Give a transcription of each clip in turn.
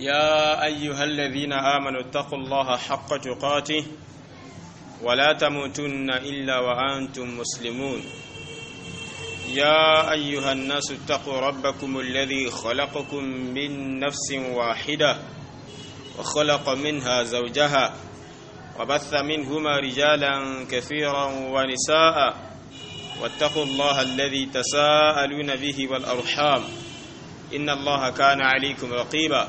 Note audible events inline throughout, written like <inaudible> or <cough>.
يا ايها الذين امنوا اتقوا الله حق تقاته ولا تموتن الا وانتم مسلمون يا ايها الناس اتقوا ربكم الذي خلقكم من نفس واحده وخلق منها زوجها وبث منهما رجالا كثيرا ونساء واتقوا الله الذي تساءلون به والارحام ان الله كان عليكم رقيبا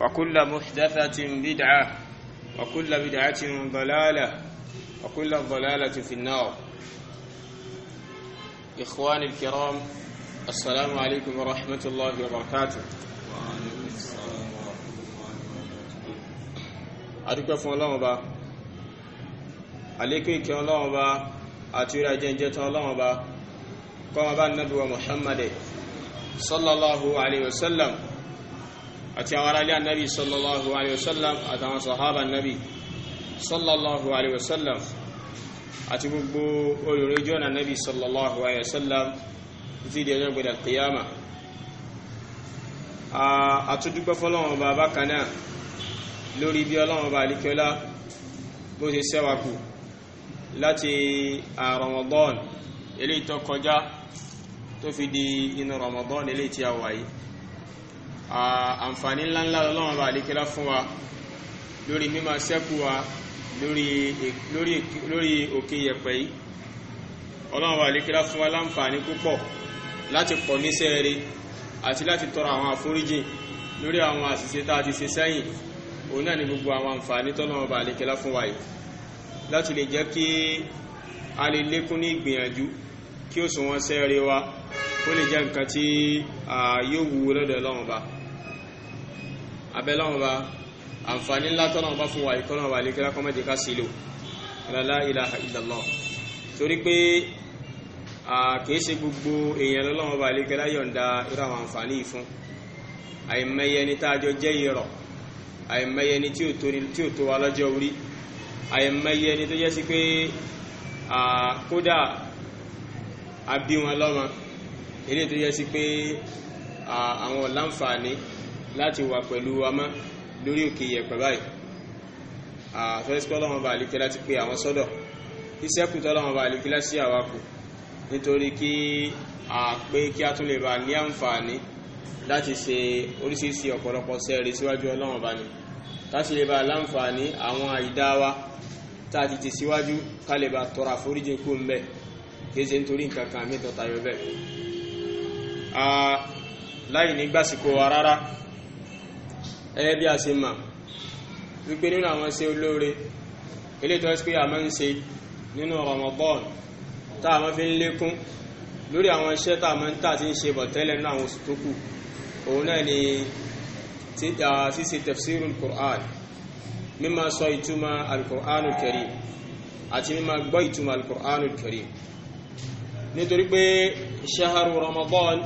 وكل محدثة بدعة وكل بدعة ضلالة وكل الضلالة في النار إخواني الكرام السلام عليكم ورحمة الله وبركاته adúpẹ́ fún ọlọ́run ọba àlékún ìkẹ́ ọlọ́run ọba àti orí ajẹ́jẹ́ tán ọlọ́run ọba kọ́ ọba nàbíwá muhammad sallallahu alayhi wa àti àwọn aráalé ànábì sallallahu alayhi wa sallam àtàwọn sọ̀hábà ànábì sallallahu alayhi wa sallam àti gbogbo olùrẹ́jọ́ ànábì sallallahu alayhi wa sallam títí di ọjọ́ gbẹ̀dẹ̀ kìyàmà àtúndúpẹ́ fọlọ́wọ́n bá bákan náà lórí bí ọlọ́wọ́n bá alikẹ́lá bó ṣe ṣẹ́wà kù láti Ramadan eléyìí kọjá tó fi di inú Ramadan eléyìí tí àǹfààní ńláńlá lọ́wọ́n bá àlékẹ́lá fún wa lórí mímọ̀ sẹ́kù wa e, e, lórí òkè yẹ̀pẹ̀ yìí ọlọ́wọ́n bá àlékẹ́lá fún wa láǹfààní púpọ̀ láti pọ̀ níṣẹ́ rere àti láti tọrọ àwọn àforíjì lórí àwọn àṣìṣe tá a ti ṣe sẹ́yìn òun náà ni gbogbo àwọn àǹfààní tọ́lọ́wọ́n bá àlékẹ́lá fún wa yìí láti lè jẹ́ kí a lè lékún ní ìgbìyànjú kí ó sùn wọn sẹ́ẹ̀rẹ̀ wa ó lè jẹ́ nǹkan tí yóò wúwo lọ́dọ̀ ọlọ́run ba abẹ́lọ́wọ́n bá àǹfààní ńlá tọ́lọ́wọ́n bá fún wa ìkọ́lọ́wọ́n bá lékẹ́lá kọ́mẹ́dì ká sí lò la ilaha illallah torí pé kìí ṣe gbogbo èèyàn lọ́lọ́wọ́n bá lékẹ́lá yọ̀ǹda irú àwọn àǹfààní yìí fún àìmọye ni a jọ jẹ́ yìí rọ̀ àìmọye ni tí ò tó wa lọ́jọ́ orí àìmọye ni tó jẹ́ sí pé kódà a bí wọn lọ́mọ eléyìí tó jẹ́ sí pé àwọn ọ̀làǹfààní láti wà pẹ̀lú wa mọ́ lórí òkè yẹ̀pẹ̀ báyìí àfẹ́sí tọ́lọ́wọ́n bá àlékẹ́ láti pé àwọn sọ́dọ̀ iṣẹ́ kù tọ́lọ́wọ́n bá àlékẹ́ láti àwa nítorí kí a pé kí a tún lè bá ní àǹfààní láti ṣe oríṣiríṣi ọ̀pọ̀lọpọ̀ sẹ́ẹ̀rẹ̀ síwájú ọlọ́wọ́n bá ní láti lè bá láǹfààní àwọn àìdá wa tá a ti ti síwájú ká lè bá tọrọ àforíjì kú ń bẹ kì í ṣe nítorí nǹkan kan mi tọ́ta yọ bẹ́ẹ̀ láì ní gbàsíkò wa rárá ẹ̀yẹ́ bí a ṣe mà wípé nínú àwọn ṣe olóore ilé tó ṣe pé a máa ń ṣe nínú Ramadan tá a máa fi ń lékún lórí àwọn iṣẹ́ tá a máa ń tà tí ń ṣe bọ̀ tẹ́lẹ̀ nínú àwọn oṣù tó kù òun náà ni ṣíṣe tafsirul Qur'an mímá sọ ìtumọ̀ al-Qur'anul Karim àti mímá gbọ́ ìtumọ̀ al-Qur'anul Karim nítorí pé ṣaharu Ramadan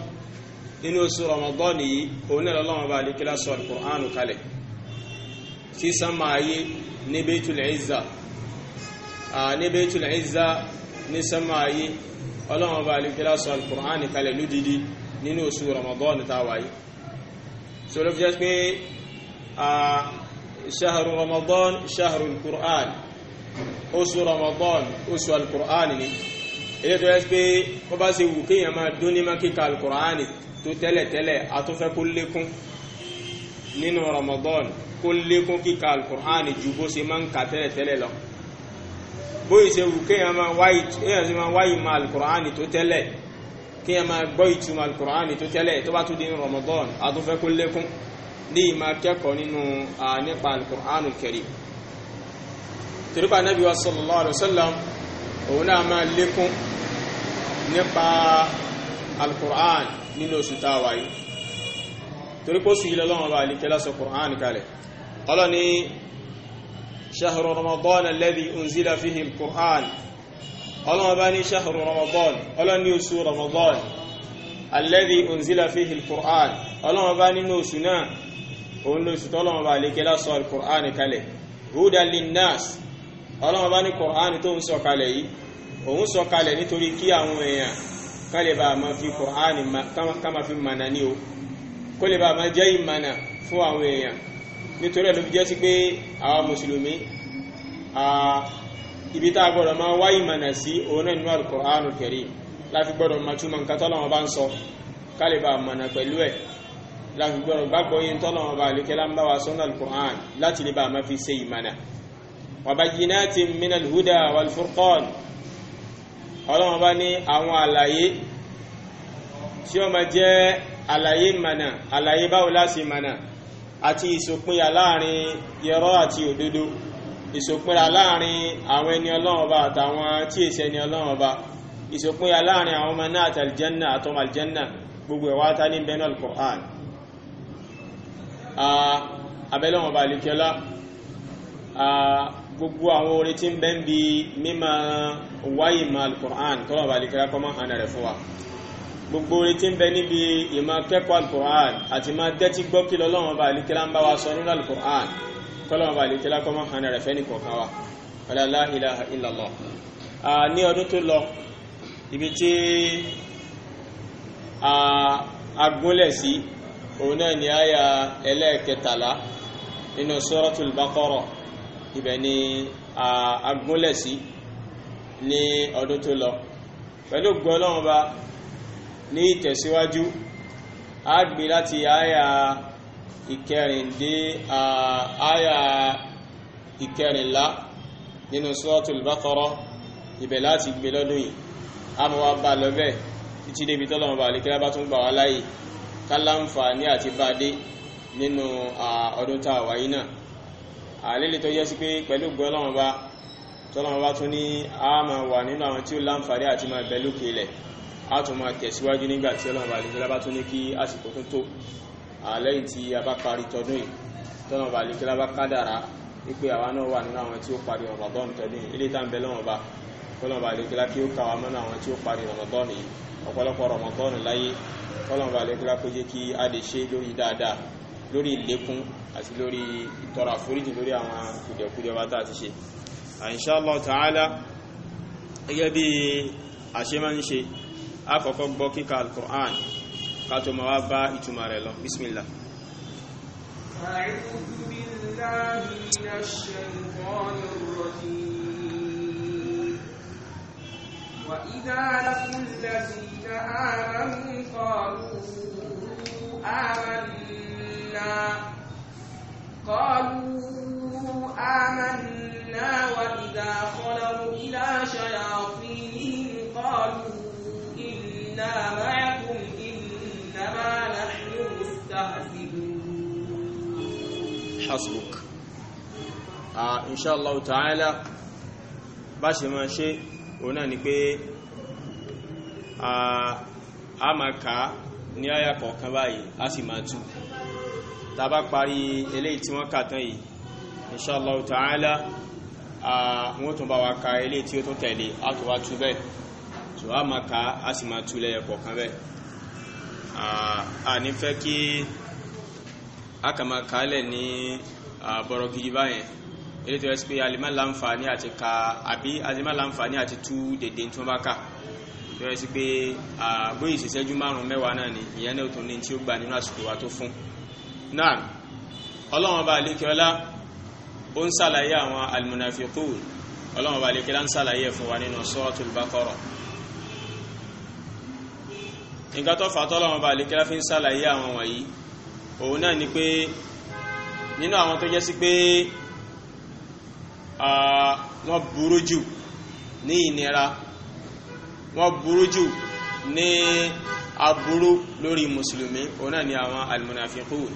nínú oṣù Ramadan yìí òun náà lọ́wọ́ bá lè kílá sọ Al-Qur'anu kalẹ̀ sí sánmà ayé ní Baitul Izza ní Baitul Izza ní sánmà ayé ọlọ́wọ́ bá lè kílá sọ al kalẹ̀ lódìdí nínú oṣù Ramadan táwa yìí fi jẹ́ pé شهر رمضان شهر القرآن أسو رمضان أسو القرآن ilé tó yẹ pé wọ́n bá ṣe wù kéèyàn máa dún ní má kíka alukur'ani tó tẹ́lẹ̀tẹ́lẹ̀ a tún fẹ́ kó lékún nínú Ramadan kó lékún kíka alukur'ani ju bó ṣe máa ń kà tẹ́lẹ̀tẹ́lẹ̀ lọ bóyì ṣe wù kéèyàn máa wáyì kéèyàn ṣe máa wáyì máa alukur'ani tó tẹ́lẹ̀ kéèyàn máa gbọ́ ìtumọ̀ alukur'ani tó tẹ́lẹ̀ tó bá tún di ní Ramadan a tún fẹ́ kó lékún ní ìmá kẹ́kọ̀ọ́ nínú nípa alukur'anu kẹrì torípa Ànábì wa sallallahu alaihi wa sallam òun náà máa lékún nípa alukur'an nínú oṣù tá a wà yìí torí pé oṣù yìí lọ́wọ́ bá lè kẹ́lá sọ kur'an kalẹ̀ ọlọ́ni ṣahru ramadan alladhi unzila fihi alukur'an ọlọ́wọ́ bá ní ṣahru ramadan ọlọ́ni oṣù ramadan alladhi unzila fihi alukur'an ọlọ́wọ́ bá nínú oṣù náà òun lóṣù tọ́lọ́wọ́ bá lè kẹ́lá sọ kalẹ̀ hudan linnas ọlọ́run bá ní kọ̀ránì tó ń sọ̀kalẹ̀ yìí òun sọ̀kalẹ̀ nítorí kí àwọn èèyàn kán lè bá a máa fi kọ̀ránì ká fi mànà ní o kó lè bá a máa jẹ́ ìmànà fún àwọn èèyàn nítorí ẹ̀ ló fi jẹ́ sí pé àwa mùsùlùmí ibi tá a gbọ́dọ̀ máa wá ìmànà sí òun náà nínú Al-Qur'ānu Karīm láfi gbọ́dọ̀ máa túmọ̀ nǹkan tọ́lọ́run bá ń sọ ká lè bá a mànà pẹ̀lú ẹ̀ láfi gbọ́dọ̀ gbàgbọ́ yín tọ́lọ́run bá àlékẹ́lá ń bá wa sọ́nà Al-Qur'ān láti lè bá a máa fi ṣe ìmànà wàbáyínáàtì minal huda walfurqan ọlọ́run bá ní àwọn àlàyé tí ó máa jẹ́ àlàyé mànà àlàyé báwo láti mànà àti ìṣòpinya láàrin irọ́ àti òdodo ìṣòpinya láàrin àwọn ẹni ọlọ́run bá àtàwọn tí èsì ẹni ọlọ́run bá ìṣòpinya láàrin àwọn ọmọ náà àtàlìjẹ́nà àtọmọ àlìjẹ́nà gbogbo ẹ̀wá ta ní bẹ́ẹ̀ náà Qur'an abẹ́lẹ́wọ̀n bá lè kẹ́lá gbogbo àwọn orí tí ń bẹ́ ń bi mímọ wáyé ma alukur'an tọ́lọ̀ bá dìkẹ́rẹ́ kọ́ máa hànà rẹ̀ fún wa gbogbo orí tí ń bẹ níbi ìmọ̀ kẹ́kọ̀ọ́ alukur'an àti máa dẹ́tí gbọ́ kí lọ́lọ́wọ́n bá dìkẹ́rẹ́ ń bá wa sọ nínú alukur'an tọ́lọ̀ bá dìkẹ́rẹ́ kọ́ hànà rẹ̀ fẹ́ni kọ̀ọ̀kan wa ọ̀làlá ilaha illallah ní ọdún tó lọ ibi tí a gúnlẹ̀ sí òun náà ni àyà ẹlẹ́ẹ̀kẹtàlá nínú suratul ibẹ̀ ni agúnlẹ̀ ní ọdún tó lọ pẹ̀lú gbọ́lọ́wọ́n bá ní ìtẹ̀síwájú a gbé láti àyà ìkẹrin dé àyà ìkẹrìnlá nínú suratul Baqara ibẹ̀ láti gbé lọ́dún yìí a mọ̀ wá bá lọ bẹ́ẹ̀ títí débi tọ́lọ́wọ́n bá àlékẹ́lá bá tún gbà wá láyè ká láǹfààní àti bá dé nínú ọdún tá a náà àlélè tó yẹ sí pé pẹ̀lú gbọ́ ọlọ́run bá tọ́lọ́run bá tún ní a máa wà nínú àwọn tí ó láǹfààní àti máa bẹ lókè ilẹ̀ a tún máa tẹ̀síwájú nígbà tí ọlọ́run bá àlejò lábá tún ní kí àsìkò tún tó àlẹ́yìn tí a bá parí tọdún yìí tọ́lọ́run bá àlejò lábá kádàrá wípé àwa náà wà nínú àwọn àti lórí ìtọrọ àforíjì lórí àwọn kùdẹ̀kùdẹ̀ wa tá a ti ṣe insha Allah ta'ala gẹ́gẹ́ bí a ṣe máa ń ṣe àkọ́kọ́ gbọ́ kíkà al-Qur'an ká tó wá bá ìtumọ̀ rẹ̀ lọ bismillah أعوذ قالوا آمنا وإذا خلوا إلى شياطينهم قالوا إنا معكم إنما نحن مستهزئون حسبك آه إن شاء الله تعالى باش ما شيء هنا نبي آه a máa kà á ní àyà kọ̀ọ̀kan báyìí a sì máa tú tàbá parí eléyìí tí wọ́n kà tán yìí inshallah ta'ala wọ́n tún bá wa ka eléyìí tí ó tún tẹ̀lé á tó wá tú bẹ́ẹ̀ tó á máa ka á sì máa tú lẹ́yẹ kọ̀ọ̀kan bẹ́ẹ̀ a ní kí a kà máa ka lẹ̀ ní bọ̀rọ̀ gidi báyẹn eléyìí tó yẹ sí pé alimá láǹfààní àti ka àbí alimá láǹfààní àti tú dèdè tí wọ́n bá kà tó yẹ sí pé àgbóyè ìṣẹ́jú márùn-ún mẹ́wàá náà ni ìyẹn náà tó ní tí ó gbà nínú àsìkò wa tó fún náà ọlọ́wọ́n bá lè kíọ́lá ó ń sàlàyé àwọn almunafiqun ọlọ́wọ́n bá lè kíọ́lá ń sàlàyé fún wa nínú suratul Baqara nǹkan tó fàtọ́ ọlọ́wọ́n bá lè kíọ́lá fi ń sàlàyé àwọn wọ̀nyí òun náà ni pé nínú àwọn tó jẹ́ sí pé wọ́n burú jù ní ìnira wọ́n burú jù ní aburú lórí mùsùlùmí òun náà ni àwọn almunafiqun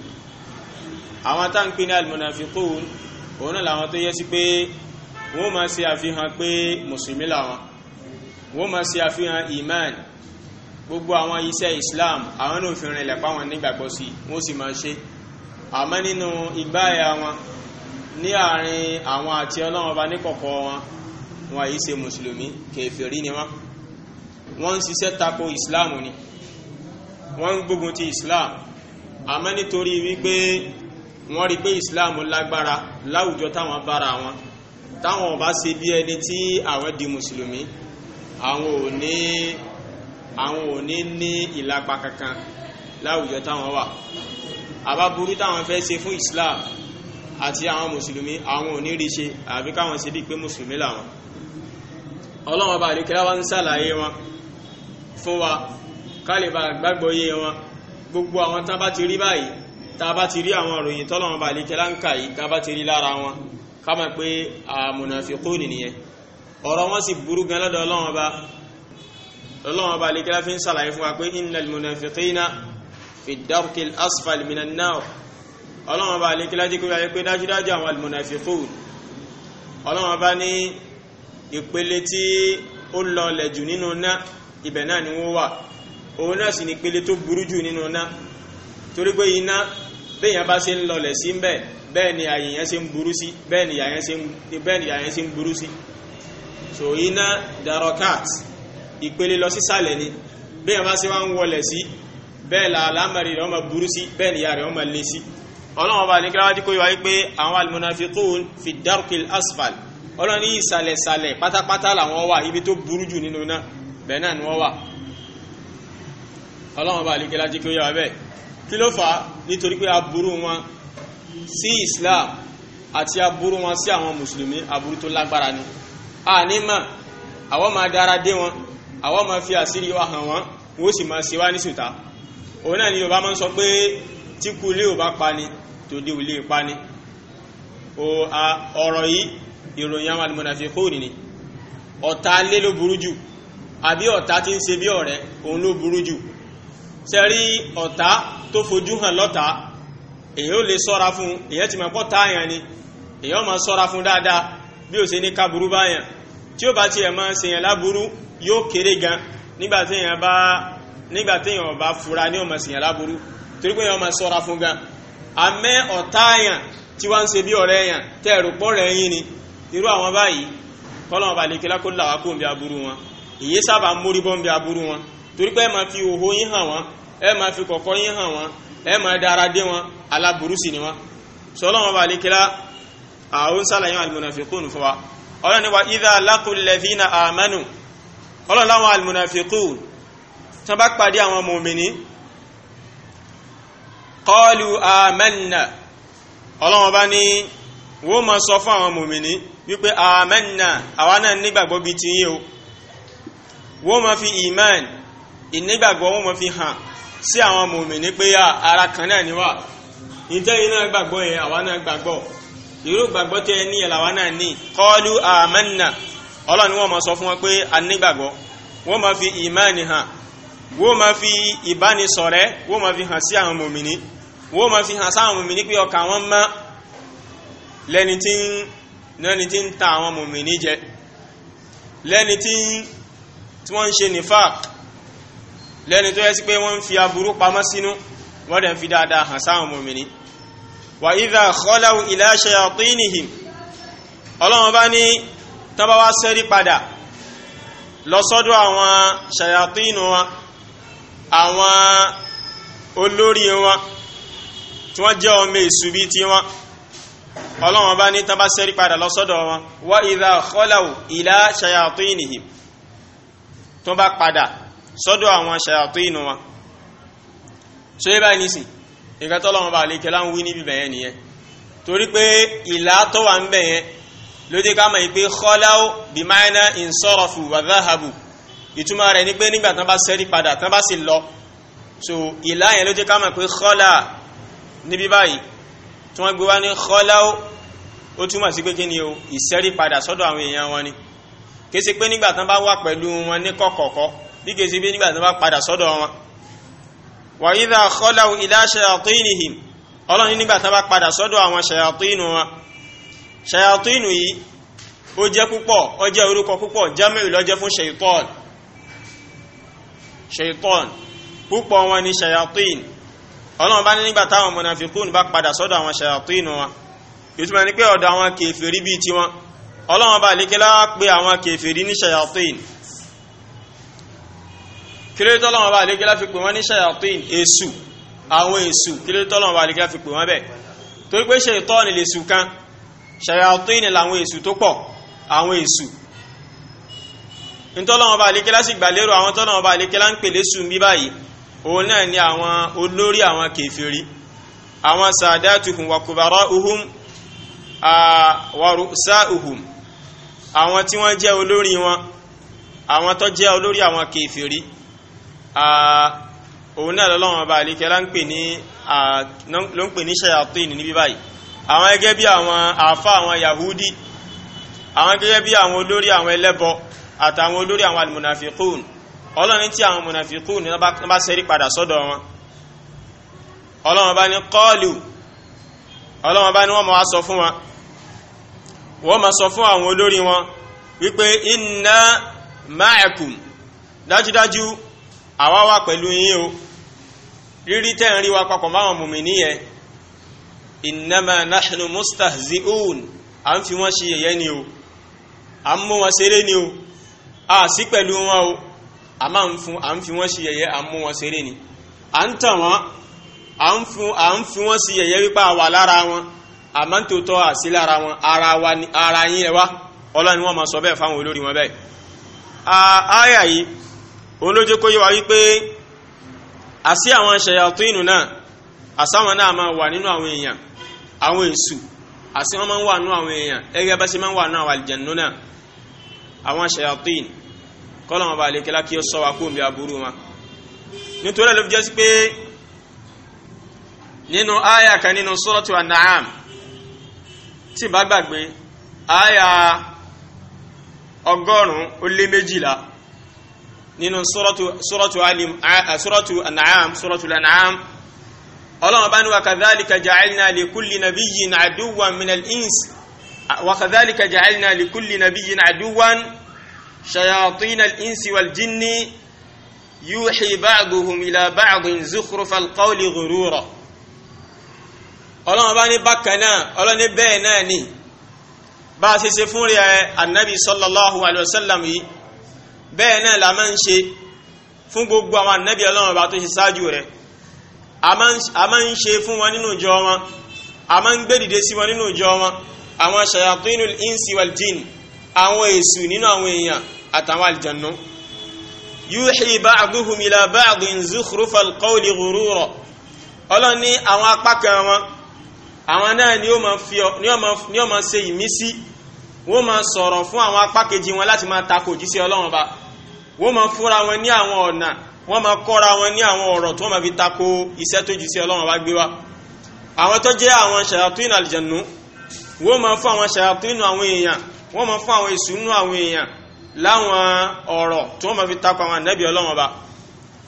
àwọn tá ń pè ní almunafiqun òun náà làwọn tó yẹ sí pé wọ́n máa ṣe àfihàn pé mùsùlùmí làwọn wọ́n máa ṣe àfihàn iman gbogbo àwọn iṣẹ́ islam àwọn náà fi rìnlẹ̀ páwọn nígbàgbọ́ sí wọ́n sì máa ṣe àmọ́ nínú ìgbáyà wọn ní àárín àwọn àti ọlọ́run ọba níkọ̀kọ̀ wọn wọn àyí ṣe mùsùlùmí kèfèrí ni wọn wọ́n ń ṣiṣẹ́ tako islam ni wọ́n ń gbógun ti islam àmọ́ nítorí wípé wọ́n rí pé islam lágbára láwùjọ táwọn bára wọn táwọn bá ṣe bí ẹni tí àwọn di mùsùlùmí àwọn ò ní àwọn ò ní ní ìlapa kankan láwùjọ táwọn wà àbábúrú táwọn fẹ́ ṣe fún islam àti àwọn mùsùlùmí àwọn ò ní rí ṣe àbí káwọn ṣe bí pé mùsùlùmí làwọn ọlọ́wọ́n bá àdékẹ́lá wá ń ṣàlàyé wọn fún wa kálíbà gbàgbọ́ yé wọn gbogbo àwọn tán bá ti rí báyìí tá bá ti rí àwọn ìròyìn tọ́lọ́wọ́n bá lékẹ́ láǹkà yìí tá bá ti rí lára wọn ká mọ̀ pé àmùnàfíkún nìyẹn ọ̀rọ̀ wọn sì burú gan lọ́dọ̀ ọlọ́wọ́n bá ọlọ́wọ́n láfi ń sàlàyé fún wa pé innal munafiqina fi darkil asfal minan nar ọlọ́wọ́n bá lékẹ́ láti kó yẹ pé dájúdájú àwọn almunafiqun ọlọ́wọ́n bá ní ìpele tí ó lọlẹ̀ jù nínú ná ibẹ̀ náà ni wọ́n wà béèyàn bá ṣe ń lọlẹ̀ sí ń bẹ́ẹ̀ bẹ́ẹ̀ ni àyè yẹn ṣe ń burú sí bẹ́ẹ̀ ni àyè yẹn ṣe ń burú sí so iná darokat ìpele lọ sísàlẹ̀ ni béèyàn bá ṣe wá ń wọlẹ̀ sí bẹ́ẹ̀ la alámàrí rẹ̀ ọmọ burú sí bẹ́ẹ̀ ni ìyá rẹ̀ ọmọ lé sí ọlọ́run ọba ní kíláwájú kó yọ wáyé pé àwọn almunafiqun fi darkil asfal ọlọ́run ní ìsàlẹ̀sàlẹ̀ pátápátá làwọn wà ibi tó burú jù nínú náà bẹ́ẹ̀ náà ni wọ́n wà ọlọ́run ọba ní kíláwájú kó yọ wá bẹ́ẹ̀ kí ló fà á nítorí pé aburú wọn sí islam àti aburú wọn sí àwọn mùsùlùmí aburú tó lágbára ni a ní mọ̀ àwọn máa dára dé wọn àwọn máa fi àṣírí wa hàn wọn wọ́n sì máa ṣe wá ní ṣùtá òun náà ni yorùbá máa ń sọ pé tí kú ilé ò bá pa ni tòde ò lè pa ni ọ̀rọ̀ yìí ìròyìn àwọn almunafiqun ni ọ̀tá lé ló burú jù àbí ọ̀tá tí ń ṣe bí ọ̀rẹ́ òun ló burú jù sẹ́rí ọ̀tá tó fojú hàn lọ́ta èyí ò lè sọ́ra fún èyí ti máa pọ́ táyàn ni èyí ò máa sọ́ra fún dáadáa bí ó ṣe ní kaburú báyàn tí ó bá ti ẹ̀ máa ṣèyàn láburú yóò kéré gan nígbà téèyàn bá nígbà téèyàn bá fura ní ó máa ṣèyàn láburú torí pé èyàn máa sọ́ra fún gan àmẹ́ ọ̀táyàn tí wá ń ṣe bí ọ̀rẹ́ yàn tẹ́ ẹ̀rù pọ̀ rẹ̀ yín ni irú àwọn báyìí kọ́lọ́mọba lè torí pé ẹ máa fi òhò yín hàn wọ́n ẹ máa fi kọ̀kọ̀ yín hàn wọ́n ẹ máa dára dé wọn aláburú sí ni wọ́n sọlọ́wọ́n bá lè kíra àwọn sálàyé almunafiqun fún wa ọlọ́run ni wa idha laqul ladhina amanu ọlọ́run láwọn almunafiqun tí wọ́n bá pàdé àwọn mòmìnì qalu amanna ọlọ́run bá ní wọ́n máa sọ fún àwọn mòmìnì wípé amanna àwa náà nígbàgbọ́ bíi tiyín o wọ́n máa fi iman ìnígbàgbọ́ wọn mọ̀ fi hàn sí àwọn mùmínì pé ara kan náà ni wá ìtẹ́yìn náà gbàgbọ́ yẹn àwa náà gbàgbọ́ irú gbàgbọ́ tẹ́ ní ẹ̀ làwa náà ní qalu amanna ọlọ́ni wọ́n máa sọ fún wọn pé a nígbàgbọ́ wọ́n máa fi ìmáàni hàn wọ́n máa fi ìbánisọ̀rẹ́ wọ́n máa fi hàn sí àwọn mòmìnì wọ́n máa fi hàn sáwọn mòmìnì pé ọkàn wọn mọ́ lẹ́ni tí ń lẹ́ni tí ń ta àwọn mòmìnì jẹ lẹ́ni tí wọ́n ń ṣe nifaq lẹ́ni tó yẹ sí pé wọ́n ń fi aburú pamọ́ sínú wọ́n dẹ̀ ń fi dáadáa hàn sáwọn mọ̀mìnì wà ìdá khalau ila shayatinihim ọlọ́run bá ní tán bá wá sẹ́rí padà lọ sọ́dọ̀ àwọn ṣayatínú wọn àwọn olórí wọn tí wọ́n jẹ́ ọmọ èṣù bíi ti wọn bá ní tán sẹ́rí padà lọ sọ́dọ̀ wọn wà ìdá khalau ila shayatinihim tó bá padà sọ́dọ̀ àwọn ṣàyàtọ̀ ìnà wa so yẹ́ báyìí nísìn nǹkan tọ́lọ́wọ́n bá lè kẹlá ń wí níbi bẹ̀yẹn nìyẹn torí pé ìlà tó wà ń bẹ̀yẹn ló dé ká mọ̀ kọ́láwó bí máìnà ìsọ̀rọ̀fù wàdáhàbù ìtumọ̀ rẹ̀ ni pé nígbà tán bá sẹ́rí padà tán bá sì lọ so ìlà yẹn ló dé ká mọ̀ pé kọ́lá níbi báyìí tí wọ́n gbé wá ní kọ́láwó ó túmọ̀ sí pé kí ni o ìsẹ́rí padà sọ́dọ̀ àwọn èèyàn wọn ni kì bí kèsì bí nígbà tó bá padà sọ́dọ̀ wọn wà ìdá khalau ila shayatinihim ọlọ́run nígbà tó bá padà sọ́dọ̀ àwọn shayatinu wọn shayatinu yìí ó jẹ́ púpọ̀ ó jẹ́ orúkọ púpọ̀ jamiu ló jẹ́ fún shaitan shaitan púpọ̀ wọn ni shayatin ọlọ́run bá ní nígbà táwọn pé àwọn kèfèrí ní shayatin kílódé tọ́lọ́wọ́n bá àlékẹ́lá fi pè wọ́n ní ṣayatin esu. àwọn èṣù kílódé tọ́lọ́wọ́n bá àlékẹ́lá fi pè wọ́n bẹ́ẹ̀ torí pé ṣaitọ́ọ̀nì lè ṣù kan ṣayatin làwọn èṣù tó pọ̀ àwọn èṣù ntọ́lọ́wọ́n bá àlékẹ́lá sì gbà lérò àwọn tọ́lọ́wọ́n bá àlékẹ́lá ń pè léṣù ń bí báyìí òun náà ni àwọn olórí àwọn kèfèrí àwọn sàdátùhùn wàkùbárọ́ uhum àwàrùsá uhum àwọn tí wọ́n jẹ́ olórí wọn àwọn tó jẹ́ olórí àwọn kèfèrí òun náà lọ́lọ́wọ́n ọba àlíkẹ́ ló ń pè ní ṣayatin níbi báyìí àwọn gẹ́gẹ́ bí àwọn àfá àwọn yahudi àwọn gẹ́gẹ́ bí àwọn olórí àwọn ẹlẹ́bọ àtàwọn olórí àwọn almunafikun ọlọ́run tí àwọn munafikun ní wọ́n bá ṣẹ́rí padà sọ́dọ̀ wọn ọlọ́run bá ní kọ́ọ̀lù ọlọ́run bá ní wọ́n máa sọ fún wọn wọ́n máa sọ fún àwọn olórí wọn wípé inna ma'akum dájúdájú àwa wà pẹ̀lú yín o rírí tẹ́ ń rí wa papọ̀ máwọn mùmínì yẹn innama nahnu mustahzi'un à ń fi wọ́n ṣe yẹ̀yẹ́ ni o à ń mú wọn ṣeré ni o a sí pẹ̀lú wọn o a máa ń fún à ń fi wọ́n ṣe yẹ̀yẹ́ à ń mú wọn ṣeré ni à ń tàn wọ́n à ń fún à ń fi wọ́n ṣe yẹ̀yẹ́ wípé àwa lára wọn àmọ́ tòótọ́ àsí lára wọn ara wa ni ara yín ẹ wá ọlọ́run wọn máa sọ bẹ́ẹ̀ fáwọn olórí wọn bẹ́ẹ̀. àáyà yìí olójó kó yé wa wípé àsí àwọn ṣayàtínù náà àsáwọn náà máa wà nínú àwọn èèyàn àwọn èṣù àsí wọn máa ń wà nínú àwọn èèyàn ẹgbẹ́ bá ṣe máa ń wà nínú àwọn àlìjẹ̀nù náà àwọn ṣayàtínù kọ́lọ̀ wọn bá lè kẹ́lá kí ó sọ wa kó omi aburú wọn nítorí ló fi sí pé nínú àyà kan nínú suratu an-Naam tí bá gbàgbé àyà ọgọ́rùn-ún ó lé méjìlá nínú suratu alim suratu an'am suratu lan'am ọlọ́run bá ní wa kadhalika ja'alna li kulli nabiyyin aduwan min al-ins wa kadhalika ja'alna li kulli nabiyyin aduwan shayatin al-insi wal jinni yuhi ba'duhum ila ba'din zukhrufal qawli ghurura ọlọ́run bá ní bákan náà ọlọ́run bẹ́ẹ̀ náà ni bá a ṣe ṣe fún rẹ̀ annabi sallallahu alaihi wasallam yìí bẹ́ẹ̀ náà la máa ń ṣe fún gbogbo àwọn ànábì ọlọ́run ọba tó ṣe ṣáájú rẹ̀ a máa ń ṣe fún wọn nínú ìjọ wọn a máa ń gbèdìde sí wọn nínú ìjọ wọn àwọn shayatinul insi wal jin àwọn èṣù nínú àwọn èèyàn àtàwọn àlìjànú yuhi ba'duhum ila ba'din zukhrufal qawli ghurura ọlọ́run ní àwọn apá kan wọn àwọn náà ni ó máa ṣe ìmísí wọ́n máa sọ̀rọ̀ fún àwọn apá kejì wọn láti máa takò jíṣẹ́ ọlọ́run ba wọ́n máa fúnra wọn ní àwọn ọ̀nà wọ́n máa kọ́ra wọn ní àwọn ọ̀rọ̀ tó máa fi takò iṣẹ́ tó jíṣẹ́ ọlọ́run ba gbé wa àwọn tó jẹ́ àwọn ṣàyàtúnú àlìjẹ̀nù wọ́n máa fún àwọn ṣàyàtúnú àwọn èèyàn wọ́n máa fún àwọn ìsúnú àwọn èèyàn láwọn ọ̀rọ̀ tó máa fi takò ba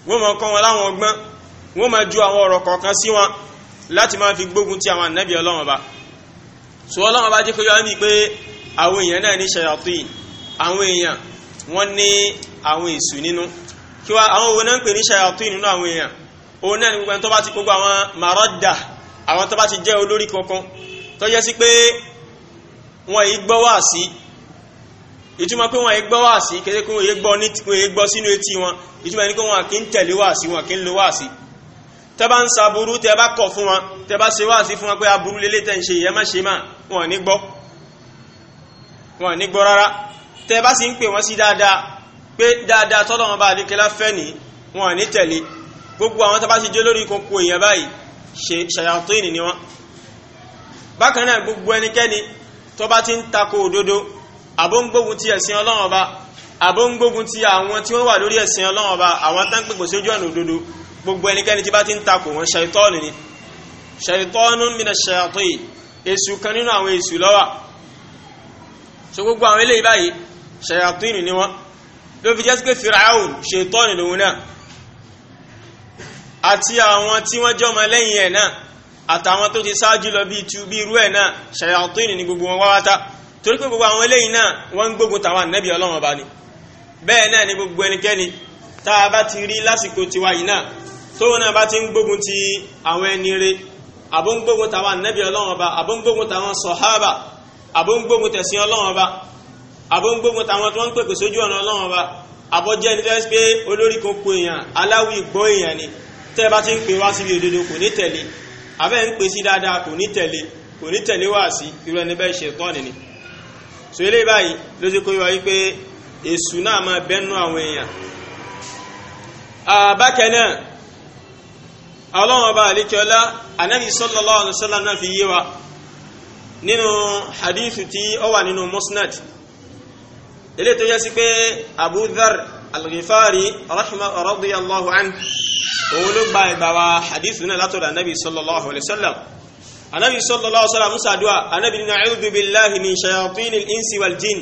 wọ́n máa kọ́ wọn láwọn ọgbọ́n wọ́n máa ju àwọn ọ̀rọ̀ kọ̀ọ̀kan sí wọn fi gbógun àwọn ànábì ọlọ́run ba sọ ọlọ́run ba jẹ́ kó àwọn èèyàn náà ní ṣayatin àwọn èèyàn wọ́n ní àwọn èṣù nínú kí wá àwọn owó náà ń pè ní ṣayatin nínú àwọn èèyàn òun náà ní gbogbo ẹni tó bá ti gbogbo àwọn maradda àwọn tó bá ti jẹ́ olórí kankan tó jẹ́ sí pé wọ́n yìí gbọ́ wá sí ìtumọ̀ pé wọ́n yìí gbọ́ wá sí kéde kí wọ́n yìí gbọ́ sínú etí wọn ìtumọ̀ ní pé wọ́n kì í tẹ̀lé wá sí wọn kì í lo wá sí tẹ́ bá ń sa burú tẹ́ bá kọ̀ fún wọn tẹ́ bá ṣe wá sí fún wọn pé aburú lélẹ́tẹ̀ ń ṣe ìyẹn ṣe má wọn ní gbọ́ wọn ní gbọ́ rárá tẹ́ bá sì ń pè wọ́n sí dáadáa pé dáadáa tọ́lọ̀ wọn bá adékẹ́lá fẹ́ ní wọn ní tẹ̀lé gbogbo àwọn tọ́bá sì jẹ́ lórí kókó èèyàn báyìí ṣàyàtọ́yìn ni wọ́n bákan náà gbogbo ẹnikẹ́ni tọ́bá ti ń takò òdodo àbóngbógun ti ẹ̀sìn ọlọ́run ọba àbóngbógun ti àwọn tí wọ́n wà lórí ẹ̀sìn ọlọ́run ọba àwọn tán pèpè sójú ọ̀nà òdodo gbogbo ẹnikẹ́ni tí bá ti ń takò wọn ṣàyàtọ́yìn ni ṣàyàtọ́yìn mina ṣàyàtọ́yìn èṣù kan nínú àwọn èṣù ló so gbogbo àwọn eléyìí báyìí ṣayàtúnì ni wọ́n ló fi jẹ́ sí pé firaun ṣètọ́nì lòun náà àti àwọn tí wọ́n jẹ́ ọmọ lẹ́yìn ẹ̀ náà àtàwọn tó ti ṣáájú lọ bíi tu bíi irú ẹ̀ náà ṣayàtúnì ni gbogbo wọn wáwátá torí pé gbogbo àwọn eléyìí náà wọ́n ń gbógun tàwọn ànábì ọlọ́run ọba ni bẹ́ẹ̀ náà ni gbogbo ẹnikẹ́ni tá a bá ti rí lásìkò tiwa yìí náà tóun náà bá ti ń gbógun ti àwọn ẹni re àbó ń gbógun tàwọn ànábì ọlọ́run ọba àbó ń gbógun tàwọn sọ̀hábà àbó ń gbógun tẹ̀sìn ọlọ́run ọba àbó ń gbógun tàwọn tó ń pèpè sójú ọ̀nà ọlọ́run ọba àbọ̀jẹ́ ní fẹ́ẹ́ pé olórí kan po èèyàn aláwì gbọ́ èèyàn ni tẹ́ ẹ bá ti ń pè wá síbi òdodo kò ní tẹ̀lé abẹ́ ń pè sí dáadáa kò ní tẹ̀lé kò ní tẹ̀lé wá sí irú ẹni bẹ́ẹ̀ ṣe tán nìyí so eléyìí báyìí ló ti kó yọ wípé èṣù náà máa bẹ́nu àwọn èèyàn bákan náà ọlọ́run ọba àlékiọlá anábì sallallahu alaihi wasallam náà fi yé wa nínú hadithu tí ó wà nínú musnad ilé tó yẹ sí pé abu dhar al-ghifari radiyallahu an òun ló gba ìgbàwà hadithu náà látọ̀dọ̀ anabi sallallahu alaihi wasallam anabi sallallahu alaihi wasallam musa duwa anabi ni a'udhu billahi min shayatin al-insi wal jin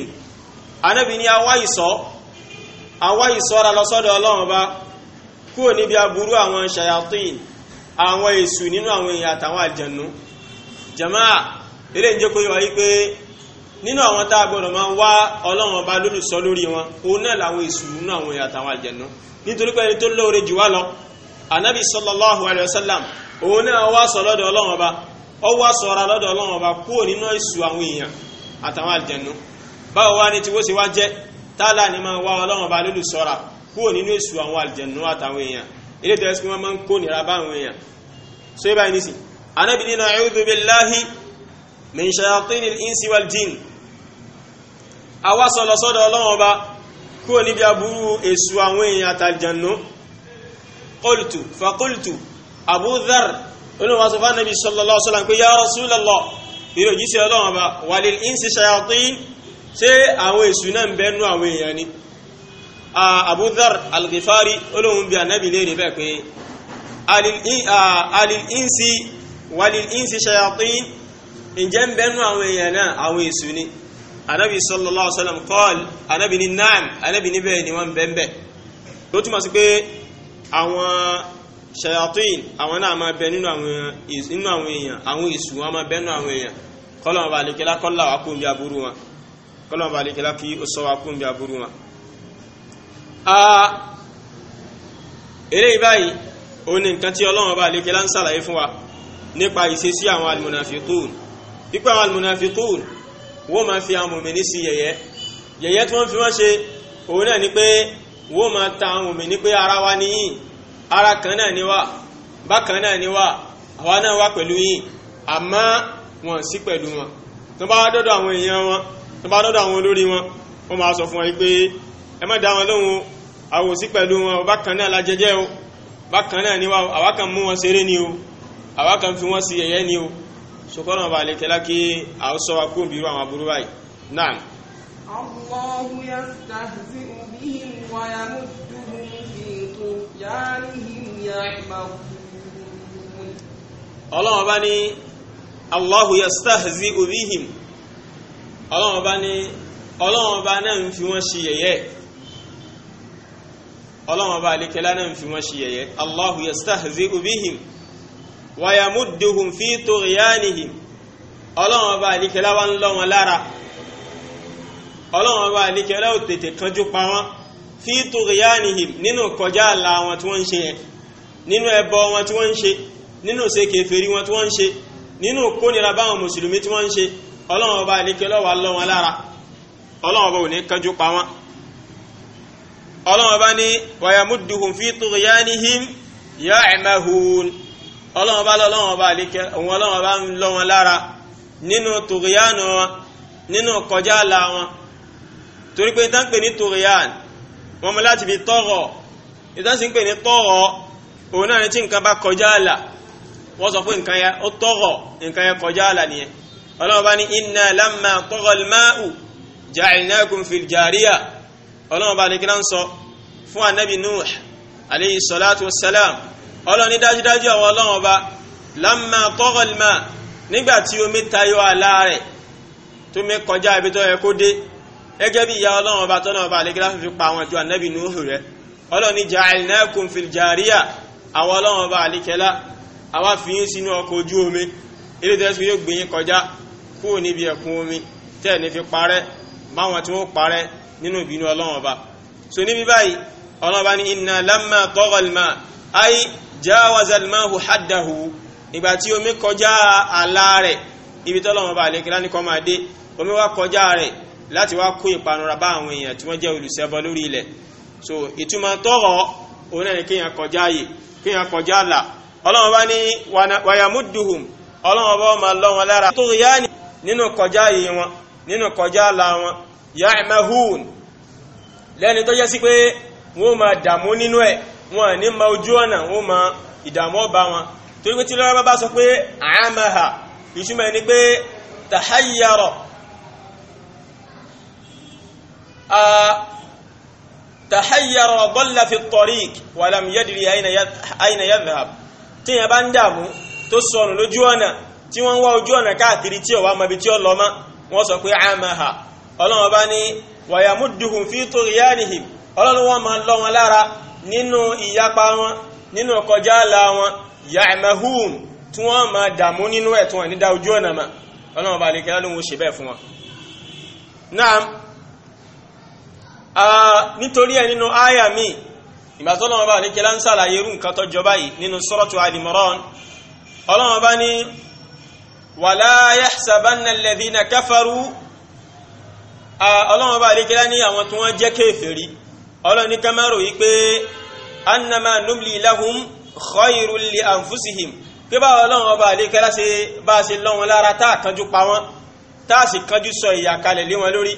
anabi ni awa iso awa iso ra lọ sọ́dọ̀ Ọlọ́run ba kúrò níbi aburú àwọn shayatin àwọn èṣù nínú àwọn èèyàn àtàwọn àjẹnú jama'a eré ń jẹ́ kó yọ wáyé pé nínú àwọn tá a gbọ́dọ̀ máa ń wá ọlọ́run ọba lólùsọ lórí wọn òun náà làwọn èṣù nínú àwọn èèyàn àtàwọn àlùjànnú nítorí pé ẹni tó lóore jù wá lọ anabi sallallahu alayhi wa sallam òun náà wá sọ lọ́dọ̀ ọlọ́run ọba ó wá sọra lọ́dọ̀ ọlọ́run ọba kúrò nínú èṣù àwọn èèyàn àtàwọn àlùjànnú báwo wá ní tiwó ṣe wá jẹ́ tálà ni máa wá ọlọ́run ọba lólùsọra kúrò nínú èṣù àwọn àlùjànnú àtàwọn èèyàn ilé tẹ̀síwọ́n máa ń kó nira báwọn èèyàn so ibà ní sìn anabi nínú billahi min shayatinil insi wal jin àwa sọ̀lọ̀ sọ́dọ̀ ọlọ́run ọba kúrò níbi aburú èṣù àwọn èèyàn àtàlìjànú qultu faqultu Abu Dharr olùwà sọ fún anabi sallallahu alaihi wasallam pé ya Rasulullah ìrò jíṣẹ́ ọlọ́run ọba walil insi shayatin ṣé àwọn èṣù náà ń bẹ́nu àwọn èèyàn ni Abu Dharr al-Ghifari olóhùn bí anabi léèrè bẹ́ẹ̀ pé alil insi walil insi shayatin ǹjẹ́ ń bẹ́nu àwọn èèyàn náà àwọn èṣù ni anabi sallallahu alaihi wasallam kọ́ọ̀lì anabi ní naam anabi ní bẹ́ẹ̀ ni wọ́n bẹ́ẹ̀ bẹ́ẹ̀ ló túmọ̀ sí pé àwọn shayatin àwọn náà máa bẹ nínú àwọn èèyàn àwọn èṣù wọn máa bẹ́nu àwọn èèyàn kọ́lọ̀ wọn bá lè kẹ́lá kọ́lá wa kó ń bí aburú wọn kọ́lọ̀ wọn bá lè kí ó sọ wa kó bí aburú wọn. eléyìí báyìí òun ni nǹkan tí ọlọ́run bá lè ń sàlàyé fún wa nípa ìṣesí àwọn almunafiqun ipa àwọn almunafiqun wọ́n máa fi àwọn mòmìnì sí yẹ̀yẹ́ yẹ̀yẹ́ tí wọ́n fi wọ́n ṣe òun náà ni pé wọ́n máa ta àwọn mòmìnì pé ara wa ni yín ara kan náà ni wá bákan náà ni wá àwa náà wá pẹ̀lú yín àmọ́ wọn sí pẹ̀lú wọn tó bá dọ́dọ̀ àwọn èèyàn wọn tó bá dọ́dọ̀ àwọn olórí wọn wọ́n máa sọ fún wọn pé ẹ má dá wọn lóhùn àwọn sí pẹ̀lú wọn bákan náà la jẹjẹ́ o bákan náà ni wá àwa kan mú wọn ṣeré ni o àwa kan fi wọn sí yẹ̀yẹ́ ni o sọkọ́nà ọba àlẹ́kẹ́ lákì àwòsọ wa kó bìírù àwọn aburú báyìí náà. Allahu yastahzi'u bihim wa yamudduhum fi tughyanihim ya'mahun. ọlọ́run ọba ní Allahu yastahzi'u bihim ọlọ́run ọba ní ọlọ́run ọba náà ń fi wọ́n ṣe yẹ̀yẹ́ ọlọ́run ọba àlẹ́kẹ́ láà náà fi wọ́n ṣe yẹ̀yẹ́ Allahu yastahzi'u bihim wàyàmúdùhùn fi tòríyánihì ọlọ́run ọba àlíkẹ́lá wa ń lọ wọn lára ọlọ́run ọba àlíkẹ́lá ò tètè kanjú pa wọn fi tòríyánihì nínú kọjá àlà wọn tí wọ́n ń ṣe yẹn nínú ẹbọ wọn tí wọ́n ń ṣe nínú ṣe wọn tí wọ́n ń ṣe nínú kónira báwọn mùsùlùmí tí wọ́n ń ṣe ọlọ́run ọba àlíkẹ́lá wa lọ wọn lára ọlọ́run ọba ò ní kanjú pa wọn ọlọ́run ọba ní wàyàmúdùhùn fi tòríyánihì ya'mahun ọlọ́wọ́n bá lọ́wọ́n bá àlékẹ́ òun ọlọ́wọ́n bá ń lọ wọn lára nínú tòríyànù wọn nínú kọjá àlà wọn torí pé ìtàn pè ní tòríyàn wọn mọ láti fi tọrọ ìtàn sì ń pè ní tọrọ òun náà ní tí nǹkan bá kọjá àlà wọ́n sọ pé nǹkan yẹn ó tọrọ nǹkan yẹn kọjá àlà nìyẹn ọlọ́wọ́n bá ní inna lamma tọrọ lmáàù ja'alnakum fil jariya ọlọ́wọ́n ní kí náà ń sọ fún anabi nuh alayhi salatu wa salam ọlọ́ni dájúdájú àwọn ọlọ́run ọba lámà tọ́gọ̀lìmà nígbà tí omi tayọ àlá rẹ̀ tó mi kọjá ibi tó yẹ kó dé gẹ́gẹ́ bí ìyá ọlọ́run ọba tọ́nà ọba àlẹ́gẹ́lá fi pa àwọn ìjọ ànábì Nuhu rẹ̀ ọlọ́ni ja'alnakum fil jariya àwọn ọlọ́run ọba àlẹ́kẹ́lá àwa fi yín sínú ọkọ̀ ojú omi ilé tẹ́sí yóò gbé kọjá kúrò níbi ẹ̀kún omi tẹ́ẹ̀ ní fi parẹ́ báwọn tí wọ́n parẹ́ nínú ìbínú ọlọ́run ọba so níbi báyìí ọlọ́run ọba ní inna lamma tọ́gọ̀lìmà ayé jawazal mahu haddahu ìgbà tí omi kọjá àlà rẹ̀ ibi tọ́lọ́wọ́n bá lè kíláni kọ́ máa dé omi wá kọjá rẹ̀ láti wá kó ìpanura bá àwọn èèyàn tí wọ́n jẹ́ olùṣẹbọ lórí ilẹ̀ so ìtumọ̀ tọ́rọ̀ òun náà ni kéèyàn kọjá yìí kéèyàn kọjá àlà ọlọ́wọ́n bá ní wàyàmúdùhùm ọlọ́wọ́n bá máa lọ wọn lára tó yá nínú kọjá yìí wọn nínú kọjá àlà wọn ya'mahun lẹ́ni tó jẹ́ sí pé wọ́n máa dààmú nínú ẹ̀ wọn ní ma ojú ọ̀nà wọn ma ìdààmú ọba wọn torí pé tí lọ́wọ́ bá sọ pé àmàhà ìṣúmọ̀ ẹni pé tàháyàrọ̀ tàháyàrọ̀ bọ́lá fi tariq wàlám yadri àyìnà yadhhab tí yẹn bá ń dààmú tó sọnù lójú ọ̀nà tí wọ́n wá ojú ọ̀nà káàkiri tí ó wá tí ó lọ wọ́n sọ pé àmàhà ọlọ́wọ́ bá ní wàyàmúdùhùn fi tughyanihim ọlọ́wọ́ máa lọ lára nínú ìyapa wọn nínú kọjá àlà wọn ya'mahun tí wọ́n máa dààmú nínú ẹ̀ tí wọ́n ní dá ojú ọ̀nà mà ọlọ́run bá lè kí lọ́dún wọn ṣe bẹ́ẹ̀ fún wọn. náà ah, nítorí ẹ nínú àyà mi ìgbà tó lọ́wọ́ bá lè kí lọ́n ṣàlàyé irú nǹkan tó jọ báyìí nínú suratu Al-Imran ọlọ́run bá ní wala yahsabanna alladhina kafaru ah, ọlọ́run bá lè kí lọ́n ní àwọn tí wọ́n jẹ́ kéfèrí ọlọ́ni kámárò yìí pé annama numli lahum khayrun li anfusihim pé báwọn ọlọ́run ọba àlékẹ́lá ṣe bá ṣe lọ́wọ́n lára tá àkànjú pa wọ́n tá a sì kánjú sọ ìyà kalẹ̀ lé wọn lórí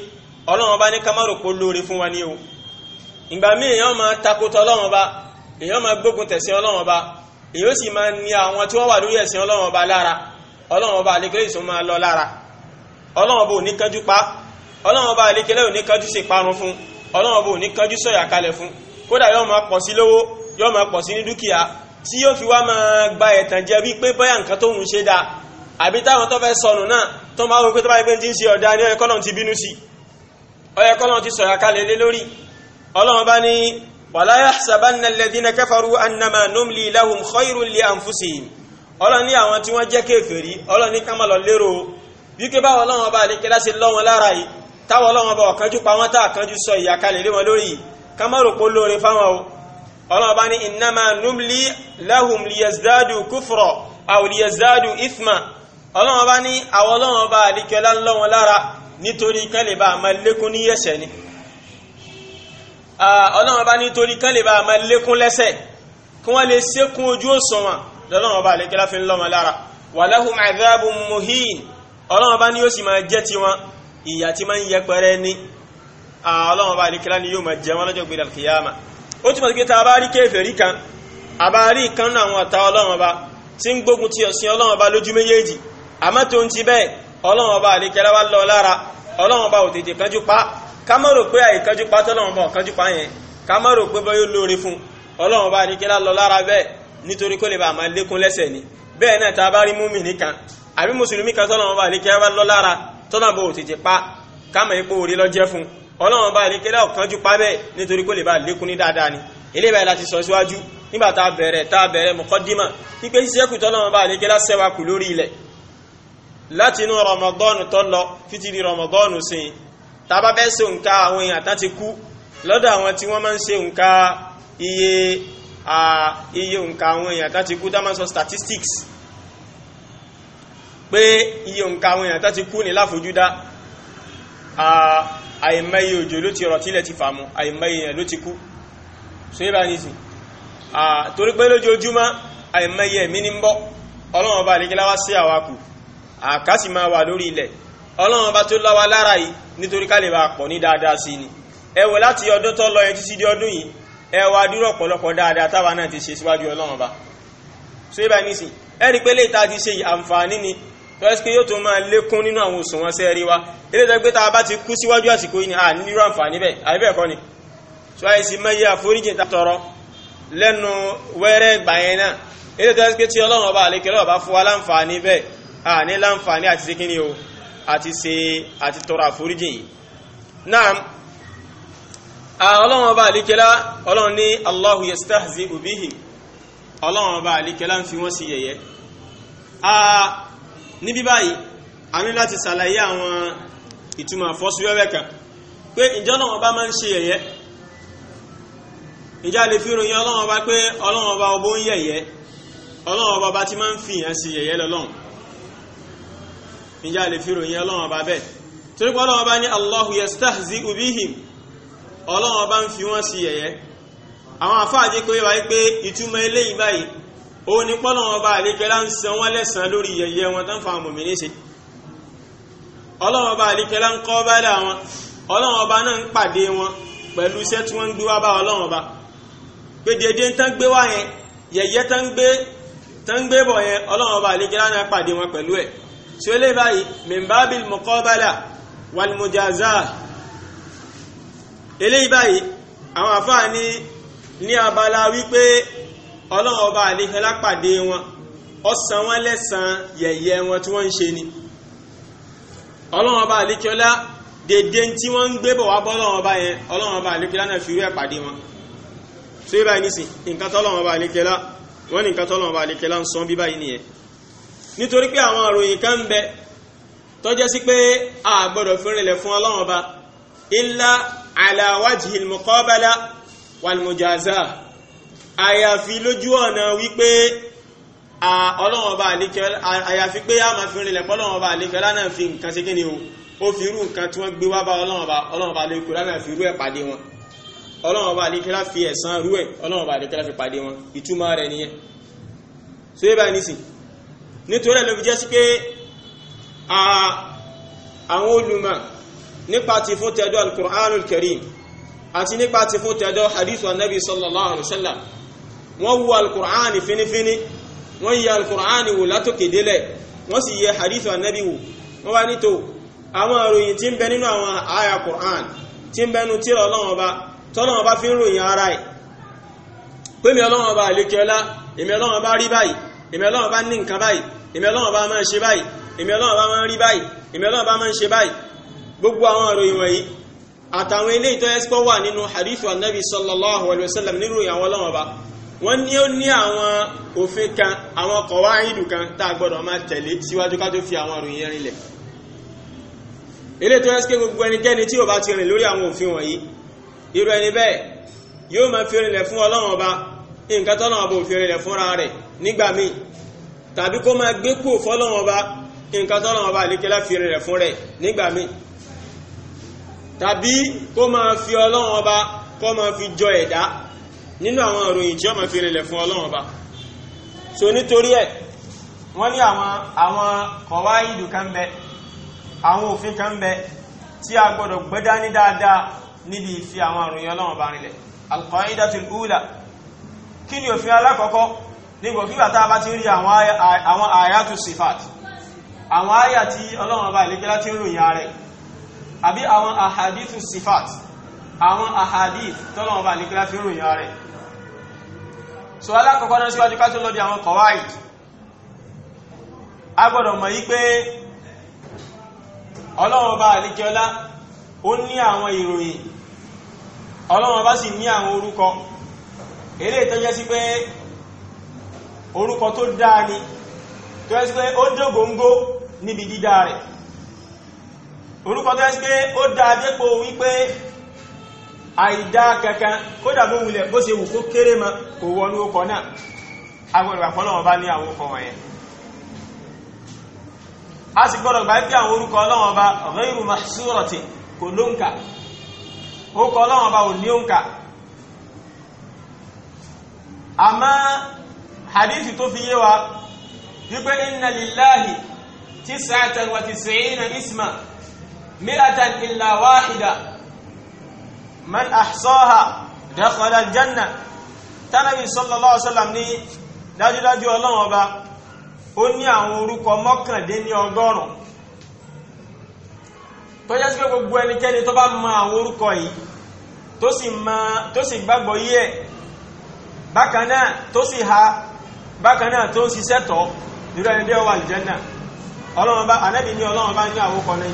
ọlọ́run ọba ní kámárò kó lóore fún wa ní o ìgbà míì èèyàn máa takotọ ọlọ́run ọba èèyàn máa gbógun tẹ̀sìn ọlọ́run ọba èèyàn sì máa ní àwọn tí wọ́n wà lórí ẹ̀sìn ọlọ́run ọba lára ọlọ́run ọba àlékẹ́lá ìsọ máa lọ lára ọlọ́run ọba ò ní kánjú pa ọlọ́run ọba àlékẹ́lá ò ní kánjú ṣe parun fún ọlọ́run bò ní kánjú sọ̀yà kalẹ̀ fún kódà yóò máa pọ̀ sí lówó yóò máa pọ̀ sí ní dúkìá tí yóò fi wá máa gba ẹ̀tàn jẹ wípé bóyá nǹkan tó ń ṣe dáa àbí táwọn tó fẹ́ sọnù náà tó máa wọ́n pé tó bá yẹ pé ti ń ṣe ọ̀dà ní ọ̀yẹ́kọ́ náà ti bínú sí ọ̀yẹ́kọ́ náà ti sọ̀yà kalẹ̀ lé lórí ọlọ́run bá ní wàlá yahsabanna alladhina kafaru annama numli lahum khayrun li anfusihim ọlọ́run ní àwọn tí wọ́n jẹ́ kéferì ọlọ́run ní ká lọ lérò wípé báwọn ọlọ́run ọba àdékẹ́lá ṣe lọ́wọ́n lára yìí táwọn ọlọ́wọ́n bá ọ̀kanjú pa wọ́n tá àkanjú sọ ìyàkalẹ̀ lé wọn lórí ká má rò pó lóore fáwọn o ọlọ́wọ́n bá ní innama numli lahum liyazdadu kufra aw liyazdadu ithma ọlọ́wọ́n bá ní àwọn ọlọ́wọ́n bá àdìkẹ́lá ńlọ́wọ́n lára nítorí kẹ́lẹ̀ bá máa lékún ní ẹ̀ṣẹ̀ ni ọlọ́wọ́n bá nítorí kẹ́lẹ̀ bá máa lékún lẹ́ṣẹ̀ kí wọ́n lè sékún ojú òṣùwọ̀n lọ́wọ́n bá ní yóò sì máa jẹ́ tiwọn ìyà tí máa ń yẹpẹrẹ ní ọlọ́run bá àdíkẹ́lá ni yóò máa jẹ wọn lọ́jọ́ gbéra kìyàmà ó túnmọ̀ sí pé tá a bá rí kèfèrí kan àbárí kan náà àwọn ọ̀tá ọlọ́run bá tí ń gbógun ti ọ̀sìn ọlọ́run bá lójú méjèèjì àmọ́ tó ń ti bẹ́ẹ̀ ọlọ́run bá àdíkẹ́lá wá lọ lára ọlọ́run bá ò tètè kánjú pa ká má rò pé àìkánjú pa tọ́lọ́run bá ọ̀kánjú pa yẹn ká má rò pé bọ́yó lóore fún ọlọ́run bá àdíkẹ́lá lọ lára bẹ́ẹ̀ nítorí kó lè bá àmà lékún lẹ́sẹ̀ ni bẹ́ẹ̀ náà tá a bá rí múmi nìkan àbí mùsùlùmí kan tọ́lọ́run bá àdíkẹ́lá wá lọ lára tọ́nà bò tètè pa káàmọ̀ ipò orí lọ́jẹ́ fún ọlọ́run bá ìlékẹ́lẹ́ ọ̀kanjú pa bẹ́ẹ̀ nítorí kó lè bá lékún ní dáadáa ni eléyìí báyìí láti sọ síwájú nígbà tá a bẹ̀rẹ̀ tá a bẹ̀rẹ̀ mọ̀kọ́dímà wípé ṣíṣẹ́kù tọ́lọ́run bá ìlékẹ́lá sẹ́wà kù lórí ilẹ̀ láti inú rọmọgọ́nù tó lọ títí di rọmọgọ́nù sí i tá a bá fẹ́ ṣe nǹka àwọn èèyàn tá ti kú lọ́dọ̀ àwọn tí wọ́n máa ń ṣe nǹka iye iye nǹka àwọn èèyàn tá ti kú tá máa ń sọ statistics pé iye òǹkà àwọn èèyàn tó ti kú ní láfojúdá àìmọye òjò ló ti rọ̀ tílẹ̀ ti fàmù àìmọye èèyàn ló ti kú so yíba ní sí torí pé lójoojúmọ́ àìmọye ẹ̀mí ní ń bọ́ ọlọ́run ọba àlejò láwá sí àwa kù àká sì máa wà lórí ilẹ̀ ọlọ́run ọba tó láwa lára yìí nítorí ká lè bá pọ̀ ní dáadáa sí ni ẹ wò láti ọdún tó lọ yẹn títí di ọdún yìí ẹ wà dúró ọ̀pọ̀lọpọ̀ dáadáa táwa náà ti ṣe síwájú ọlọ́run ọba so yíba ní sí ẹ rí pé léyìí tá ti ṣe àǹfààní ni tọ́sí pé yóò tó máa lékún nínú àwọn òṣùwọ̀n sẹ́ẹ̀rí wa ilé ìtọ́ pé tá a bá ti kú síwájú àsìkò yìí ni a nílò àǹfààní bẹ́ẹ̀ àbíbẹ̀ kọ́ ni tó àyè sí mẹ́yẹ àforíjì ta tọrọ lẹ́nu wẹ́rẹ́ gbà yẹn náà ilé ìtọ́ tí ọlọ́run ọba àlékẹ́lẹ́ ọba fún wa láǹfààní bẹ́ẹ̀ a ní láǹfààní àti ṣe kíni o àti ṣe àti tọrọ àforíjì yìí náà ọlọ́run ọba àlékẹ́lá ọlọ́run ní Allahu yastahzi ubihim ọlọ́run ọba àlékẹ́lá ń fi wọ́n sí yẹ̀yẹ́ níbí báyìí a ní láti ṣàlàyé àwọn ìtumọ̀ àfọ́síwẹ́wẹ́ kan pé ǹjẹ́ Ọlọ́run Ọba máa ń ṣe yẹ̀yẹ́ ǹjẹ́ a lè fi ròyìn Ọlọ́run Ọba pé Ọlọ́run Ọba ọbó ń yẹ̀yẹ́ Ọlọ́run Ọba bá ti máa ń fi yẹn sí yẹ̀yẹ́ lọ́lọ́run ǹjẹ́ a lè fi ròyìn Ọlọ́run Ọba bẹ́ẹ̀ torí pé Ọlọ́run Ọba ní Allahu yastahzi'u bihim Ọlọ́run Ọba ń fi wọ́n sí yẹ̀yẹ́ àwọn àfáàjẹ́ kó yẹ wáyé pé ìtumọ̀ eléyìí báyìí ó ní pọ́lọ́wọ́n bá àlékẹ́lá ń san wọ́n lẹ́san lórí yẹ̀yẹ́ wọn tán fa mòmìnì sí ọlọ́wọ́n bá àlékẹ́lá ń kọ́ bá dà wọn ọlọ́wọ́n bá náà ń pàdé wọn pẹ̀lú iṣẹ́ tí wọ́n ń gbé wá bá ọlọ́wọ́n bá pé dédé ń tán gbé wá yẹn yẹ̀yẹ́ tán gbé tán gbé bọ̀ yẹn ọlọ́wọ́n bá àlékẹ́lá náà pàdé wọn pẹ̀lú ẹ̀ tí ó lè báyìí mimbabil mọ́kọ́bálà wàlmùjàzá abala wípé ọlọ́run ọba àlejò lápàdé wọn ó san wọ́n lẹ́san yẹ̀yẹ́ wọn tí wọ́n ń ṣe ni ọlọ́run ọba àlejò lá dédé tí wọ́n ń gbé bọ̀ wá bọ́ ọlọ́run ọba yẹn ọlọ́run ọba àlejò lá náà fi rú ẹ̀ pàdé wọn tó yẹ báyìí nísìn nǹkan tọ́lọ́run ọba àlejò lá wọ́n ní nǹkan tọ́lọ́run ọba àlejò lá ń sọ bí báyìí nìyẹn nítorí pé àwọn àròyìn kan ń bẹ tọ́jẹ́ sí pé a gbọ́dọ̀ fi rinlẹ̀ fún ọlọ́run ọba illa ala wajhil muqabala àyàfi lójú ọ̀nà wípé ọlọ́run ọba àlékẹ́ àyàfi pé a máa fi rinlẹ̀ pọ́ ọlọ́run ọba àlékẹ́ lánàá fi nǹkan ṣe kíni o ó fi irú nǹkan tí wọ́n gbé wá bá ọlọ́run ọba ọlọ́run ọba àlékẹ́ lánàá fi irú ẹ̀ pàdé wọn ọlọ́run ọba àlékẹ́ lá fi ẹ̀san irú ẹ̀ ọlọ́run ọba àlékẹ́ lá fi pàdé wọn ìtumọ̀ rẹ̀ nìyẹn so yé báyìí nísìn nítorí ẹ̀ ló fi jẹ́ sí pé àwọn olùmọ̀ nípa ti fún tẹ̀dọ̀ al-Qur'anul Karim àti nípa ti fún tẹ̀dọ̀ hadith wa nabi sallallahu alayhi wa sallam wọ́n wo alukur'ani finifini wọ́n yẹ alukur'ani wò látòkè délẹ̀ wọ́n sì yẹ hadith anabi wò wọ́n bá nítò àwọn ìròyìn tí ń bẹ nínú àwọn àyà kur'an tí ń bẹnu tíra ọlọ́wọ́n ba tọ́lọ́wọ́n bá fi ń ròyìn ara ẹ̀ pé mi ọlọ́wọ́n ba àlékè ọlá èmi ọlọ́wọ́n bá rí báyìí èmi ọlọ́wọ́n bá ní nǹkan báyìí èmi ọlọ́wọ́n bá máa ń ṣe báyìí èmi ọlọ́wọ́n bá máa ń rí báyìí èmi ọlọ́wọ́n bá máa ń ṣe báyìí gbogbo àwọn ìròyìn wọ̀nyí àtàwọn ilé ìtọ́yẹ́sípọ̀ wà nínú hadith wa sallallahu alayhi wa sallam níròyìn àwọn ọlọ́wọ́n ba wọ́n ní ó ní àwọn òfin kan àwọn kọ̀wá ìdù kan tá a gbọ́dọ̀ máa tẹ̀lé síwájú ká tó fi àwọn ìròyìn ẹrin lẹ̀ ilé tó ẹ́sìké gbogbo ẹnikẹ́ni tí ò bá ti rìn lórí àwọn òfin wọ̀nyí irú ẹni bẹ́ẹ̀ yóò máa fi rinlẹ̀ fún ọlọ́run ọba nǹkan tọ́lọ́run ọba ò fi rinlẹ̀ fúnra rẹ̀ nígbà míì tàbí kó máa gbé kú fọ́lọ́run ọba nínú àwọn ìròyìn tí ó máa fi rinlẹ̀ fún ọlọ́run ọba so nítorí ẹ̀ wọ́n ní àwọn àwọn kọ̀wá ìdù kan bẹ àwọn òfin kan bẹ tí a gbọ́dọ̀ gbẹ́dá ní dáadáa níbi ìfi àwọn ìròyìn ọlọ́run ọba rinlẹ̀ alqaidatul ula kí ni òfin alákọ̀ọ́kọ́ nígbà kí bàtà bá ti rí àwọn àyàtù sifat àwọn àyà tí ọlọ́run ọba ìlẹ́gbẹ́ láti ń ròyìn ààrẹ àbí àwọn ahadithu sifat àwọn ahadith tọ́lọ́run ọba ìlẹ́gbẹ́ láti ń ròyìn ààrẹ so alákọ̀ọ́kọ́ náà síwájú ká tó lọ di àwọn kọ̀wáìd a gbọ́dọ̀ mọ̀ yí pé ọlọ́run ọba àlíkẹ́ọ́lá ó ní àwọn ìròyìn ọlọ́run ọba sì ní àwọn orúkọ eléyìí tó sí pé orúkọ tó dáa ni tó jẹ́ sí pé ó dógóngó níbi dídá rẹ̀ orúkọ tó jẹ́ sí pé ó dáa dépò wípé àìdá kankan kódà bó wulẹ̀ bó ṣe wù kó kéré ma kò wọnú ọkọ̀ náà agbọ̀dọ̀ àfọlọ́wọ́n bá ní àwọn ọkọ̀ wọ̀nyẹn a sì gbọ́dọ̀ gbà pé àwọn orúkọ ọlọ́wọ́n bá ghayru mahsurati kò lóǹkà orúkọ ọlọ́wọ́n bá ò ní òǹkà àmọ́ hadithi tó fi yé wa wípé inna lillahi tis'atan wa tis'ina isma mi'atan illa wahida man ahsaha dakhala aljanna tánàbí sallallahu alaihi wasallam ní dájúdájú ọlọ́run ọba ó ní àwọn orúkọ mọ́kàndínní ọgọ́rùn tó jẹ́ sí pé gbogbo ẹnikẹ́ni tó bá mọ àwọn orúkọ yìí tó sì mọ tó sì gbàgbọ́ yí ẹ̀ bákan náà tó sì ha bákan náà tó ń ṣiṣẹ́ tọ́ nírú ẹni dé ọwà aljanna ọlọ́run ọba ànábì ní ọlọ́run ọba ní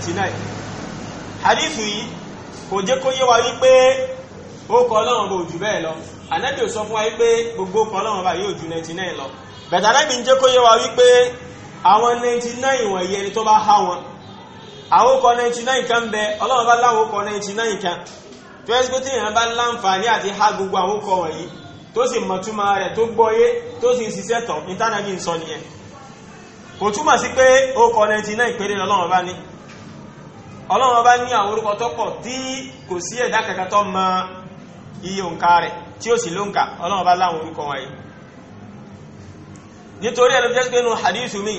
99 hadith yìí kò jẹ́ kó yé wa wípé ó kọ ọlọ́run bò jù bẹ́ẹ̀ lọ ànábì ò sọ fún wa wípé gbogbo kọ́ ọlọ́run bá yóò ju 99 lọ bẹ̀tẹ̀ ànábì ń jẹ́ kó yé wa wípé àwọn 99 wọ̀nyí ẹni tó bá há wọn àwọn ó kọ 99 kan bẹ ọlọ́run bá láwọn ó kọ 99 kan tó yẹ pé téèyàn bá láǹfààní àti há gbogbo àwọn ó kọ wọ̀nyí tó sì mọ̀túmọ̀ rẹ̀ tó gbọ́yé tó sì ń ṣiṣẹ́ tọ̀ ní tánàbí ń sọ nìyẹn kò túmọ̀ sí pé ó kọ 99 péré lọ́lọ́run bá ní ọlọ́run bá ní àwọn orúkọ tó pọ̀ tí kò sí ẹ̀dá kankan tó mọ iye òǹkà rẹ̀ tí ó sì lóǹkà ọlọ́run bá láwọn orúkọ wọ̀nyí nítorí ẹ̀rọ jẹ́ pé nu hadithu mi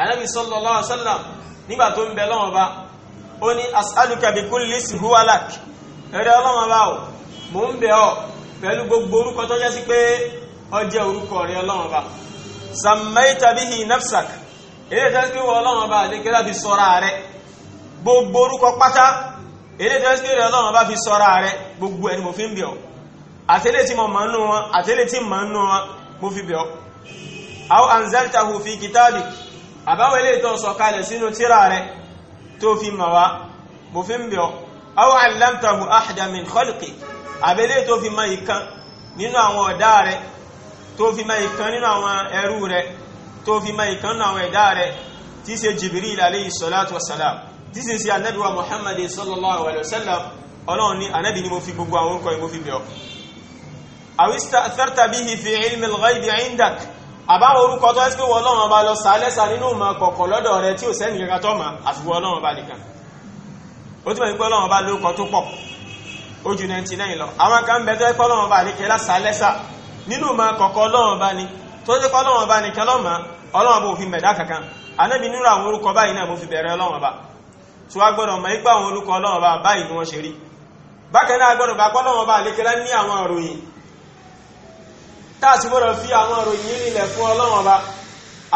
anabi sallallahu alaihi wasallam nígbà tó ń bẹ lọ́wọ́n bá ó ní as'aluka bi kulli ismin huwa lak ẹ̀rẹ́ ọlọ́wọ́n bá o mò ń bẹ̀ ọ́ pẹ̀lú gbogbo orúkọ tó jẹ́ sí pé ó jẹ́ orúkọ rẹ̀ ọlọ́wọ́n bá sammaita bihi nafsak ẹ̀rẹ́ jẹ́ pé wọ́n ọlọ́wọ́n bá àdékẹ́lá fi sọ́ra rẹ̀ gbogbo orúkọ pátá eléyìí tó ń pèrè ọlọ́run bá fi sọ́ra rẹ gbogbo ẹni mo fi ń bẹ̀ ọ́ àtẹ́lẹ̀ tí mo mọ̀ nù wọn àtẹ́lẹ̀ tí mọ̀ nù wọn mo fi bẹ̀ ọ́ aw anzaltahu fi kitabi àbáwọ̀ eléyìí tó sọ kalẹ̀ sínú tírà rẹ tó fi mọ̀ wá mo fi ń bẹ̀ ọ́ aw allamtahu ahada min khalqi tó fi mọ ìkan nínú àwọn ọ̀dá rẹ tó fi mọ ìkan nínú àwọn ẹrú rẹ tó fi mọ ìkan nínú àwọn ẹ̀dá rẹ tí í ṣe Jibril alayhi salatu wa salam títí sí ànábì wa Muhammad sallallahu alayhi wa sallam ọlọ́run ní ànábì ni mo fi gbogbo àwọn orúkọ yìí mo fi bẹ̀ ọ́ àwísítà tẹ́rẹ̀tà bí i fi ilmi al-ghaibi indak àbáwọn orúkọ tó ẹ́sìkò wọ́n lọ́wọ́ bá lọ sàálẹ́sà nínú ìmọ̀ kọ̀kọ̀ lọ́dọ̀ rẹ tí ò sẹ́ni kankan tó mà àfiwọ́ ọlọ́run bá nìkan ó túnbọ̀ wípé ọlọ́run bá lórúkọ tó pọ̀ ó ju 99 lọ àwọn kan bẹ so a gbọ́dọ̀ mọ̀ ipá àwọn olùkọ́ ọlọ́run bá báyìí ni wọ́n ṣe rí bákan náà a gbọ́dọ̀ bá pọ́lọ́run bá lékelá ní àwọn ìròyìn tá a fi àwọn ìròyìn nílẹ̀ fún ọlọ́run bá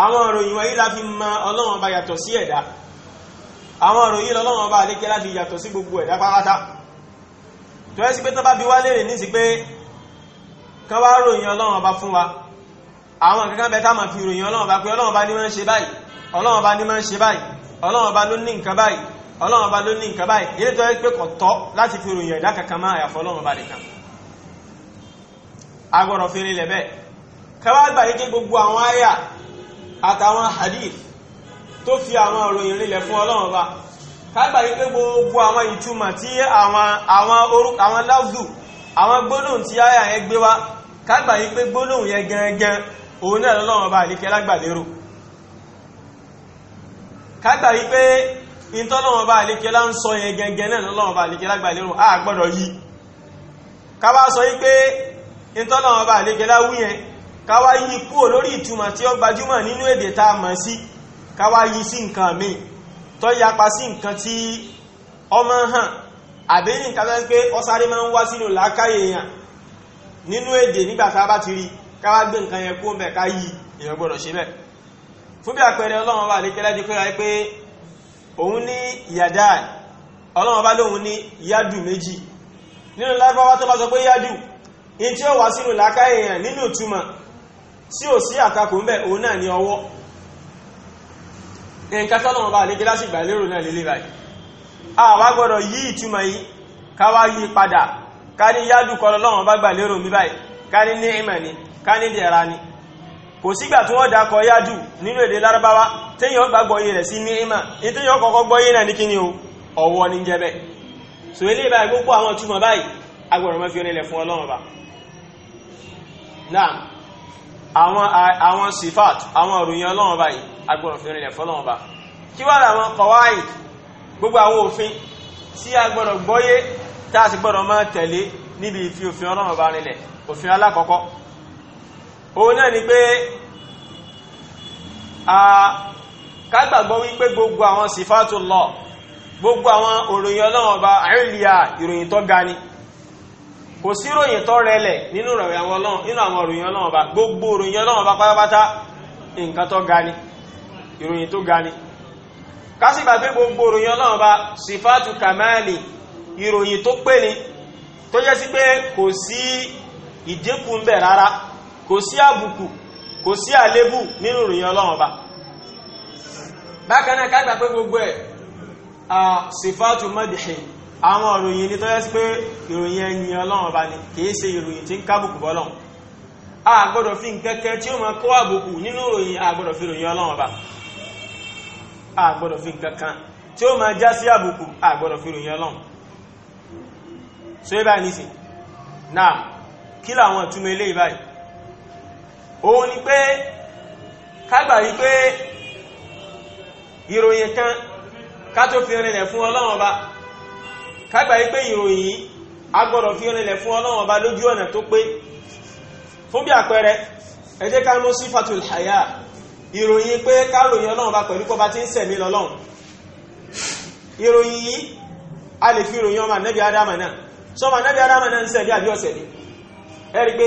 àwọn ìròyìn wọ̀nyí la fi mọ ọlọ́run bá yàtọ̀ sí ẹ̀dá àwọn ìròyìn lọ́lọ́run bá lékelá fi yàtọ̀ sí gbogbo ẹ̀dá pátá tó yẹ sí pé tó bá bi wá léèrè ní sí pé kán wá ròyìn ọlọ́run bá fún wa àwọn kankan bẹ táwọn fi ròyìn ọlọ́run bá pé ọlọ́run bá ní máa ń ló ní nǹkan báyìí ọlọ́run ọba ló ní nǹkan báyìí ilé tó yẹ pé kò tọ́ láti fi ròyìn ẹ̀dá kankan máa àyàfọ́ ọlọ́run ọba nìkan agbọ̀rọ̀ fèrè lẹ̀ bẹ́ẹ̀ káwá gbà yí gbogbo àwọn àyà àtàwọn hadith tó fi àwọn ròyìn rinlẹ̀ fún ọlọ́run ọba káwá gbà yí pé gbogbo àwọn ìtumọ̀ tí àwọn àwọn orúkọ àwọn láwùdù àwọn gbólóhùn tí àyà yẹn gbé wá káwá gbà yí pé gbólóhùn yẹn gangan òun náà lọ́lọ́run ọba àlíkẹ́ lágbàlérò káwá gbà pé ìtọ́lọ́wọ́n bá àlékẹ́ lá ń sọ yẹn gẹ́gẹ́ náà lọ́wọ́n bá àlékẹ́ lágbà lérò a gbọ́dọ̀ yí káwá sọ yí pé ìtọ́lọ́wọ́n bá àlékẹ́ láwú yẹn káwá yí kúrò lórí ìtumọ̀ tí ó gbajúmọ̀ nínú èdè tá a mọ̀ sí káwá yí sí nǹkan míì tó yapa sí nǹkan tí ọmọ hàn àbí nǹkan tó ń pé ọsáré máa ń wá sínú làákàyè yẹn nínú èdè nígbà tá a bá ti rí káwá gbé nǹkan yẹn kó bẹ̀ ká yí èèyàn gbọ́dọ̀ ṣe bẹ́ẹ̀ fún bí àpẹẹrẹ ọlọ́run wà lékelá di pé òun ní yàdáì ọlọ́run bá lóun ní yádù méjì nínú lárúbáwá tó bá sọ pé yádù in tí ó wá sínú làákà èèyàn nínú ìtumọ̀ sí ò sí àtakò ń bẹ̀ òun náà ní ọwọ́ nǹkan tọ́lọ́run bá ní kíláàsì ìgbà lérò náà lélẹ̀ báyìí àwa gbọ́dọ̀ yí ìtumọ̀ yìí ká wá yí padà ká ni ká ní dẹ̀ra kò sígbà tí wọ́n dákọ̀ yájú nínú èdè lárúbáwá téèyàn gbàgbọ́yé rẹ̀ sí ní'ímà ní téèyàn kọ́kọ́ gbọ́yé náà ní kíni o ọwọ́ ní jẹ́ bẹ́ẹ̀ so ilé báyìí gbogbo àwọn túmọ̀ báyìí agbọ̀rọ̀ mọ́ fi onílẹ̀ fún ọlọ́run sifat àwọn òròyìn ọlọ́run báyìí agbọ̀rọ̀ fi onílẹ̀ fún ọlọ́run bá kí wá làwọn kọ̀wáì gbogbo àwọn òfin tí agbọ̀rọ̀ gbọ́yé tá a sì gbọ́dọ̀ máa tẹ̀lé níbi ìfi òfin ọlọ́run bá rinlẹ̀ òun náà ni pé ká gbàgbọ́ wípé gbogbo àwọn lọ gbogbo àwọn òròyìn ọlọ́run ọba àìlìyà ìròyìn tó ga ni kò sí ròyìn tó rẹlẹ̀ nínú àwọn òròyìn ọlọ́run gbogbo òròyìn ọlọ́run ọba pátápátá nǹkan tó ga ni ìròyìn tó ga ni kásìgbà pé gbogbo òròyìn ọlọ́run ọba sifatu kamali ìròyìn tó pé ni tó jẹ́ sí pé kò sí ìdínkù ń rárá kò sí àbùkù kò sí àlébù nínú ìròyìn ọlọ́run ọba bákan náà kágbà pé gbogbo ẹ̀ sífàtù mọ́dìhìn àwọn ìròyìn ní tọ́jọ́ sí pé ìròyìn ẹ̀yìn ọlọ́run ọba ni kìí ṣe ìròyìn tí ń kábùkù bọ́lọ́run a gbọ́dọ̀ fi nkẹ́kẹ́ tí ó máa kó àbùkù nínú ìròyìn a gbọ́dọ̀ fi ìròyìn ọlọ́run ọba a gbọ́dọ̀ fi nkẹ́kan tí ó máa já sí àbùkù a gbọ́dọ̀ fi ìròyìn kí làwọn ìtumọ̀ eléyìí òun ni pé kágbà yí pé ìròyìn kan ká tó fi rinlẹ̀ fún ọlọ́run ọba kágbà yí pé ìròyìn fi rinlẹ̀ fún ọlọ́run ọba lójú ọ̀nà tó pé fún bí àpẹẹrẹ ẹ ká mú sífàtul hayá ìròyìn pé ká ròyìn ọba pẹ̀lú kọba tí ń sẹ̀mí lọ́lọ́run ìròyìn yìí a lè fi ròyìn ọmọ ma adama náà ma ànábì adama náà ń sẹ̀mí àbí ọ̀sẹ̀ ni ẹ rí pé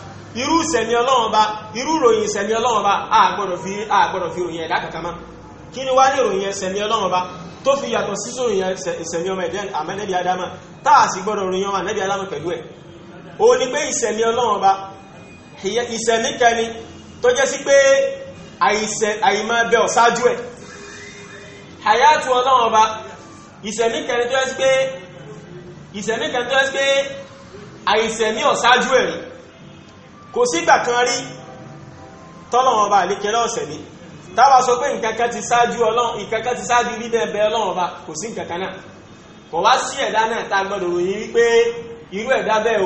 irú ìsẹ̀mí ọlọ́run bá irú ìròyìn ìsẹ̀mí ọlọ́run bá àgbọ̀dọ̀ fi àgbọ̀dọ̀ fi ròyìn ẹ̀dá kankan mọ́ kí ni wá ní ìròyìn ìsẹ̀mí ọlọ́run bá tó fi yàtọ̀ sí ìròyìn ìsẹ̀mí ọmọ ẹ̀dẹ́ àmẹ́nẹ́bí adama tá a sì gbọ́dọ̀ ròyìn ọmọ ànẹ́bí adama pẹ̀lú ẹ̀ o ní pé ìsẹ̀mí ọlọ́run bá ìsẹ̀mí kẹni tó jẹ́ sí pé àìmọ́ bẹ ọ̀sájú ẹ̀ hayatu ọlọ́run bá ìsẹ̀mí kẹni tó kò sígbà kan rí tọ́lọ́wọ́n ọba àlékẹ́ lọ́sẹ̀ ni táwa sọ pé nǹkan kan ti ṣáájú ọlọ́run nǹkan kan ti ṣáájú rí bẹ́ẹ̀ bẹ́ẹ̀ ọlọ́run ọba kò sí nǹkan kan náà kò wá sí ẹ̀dá náà tá a gbọ́dọ̀ ròyìn wípé irú ẹ̀dá bẹ́ẹ̀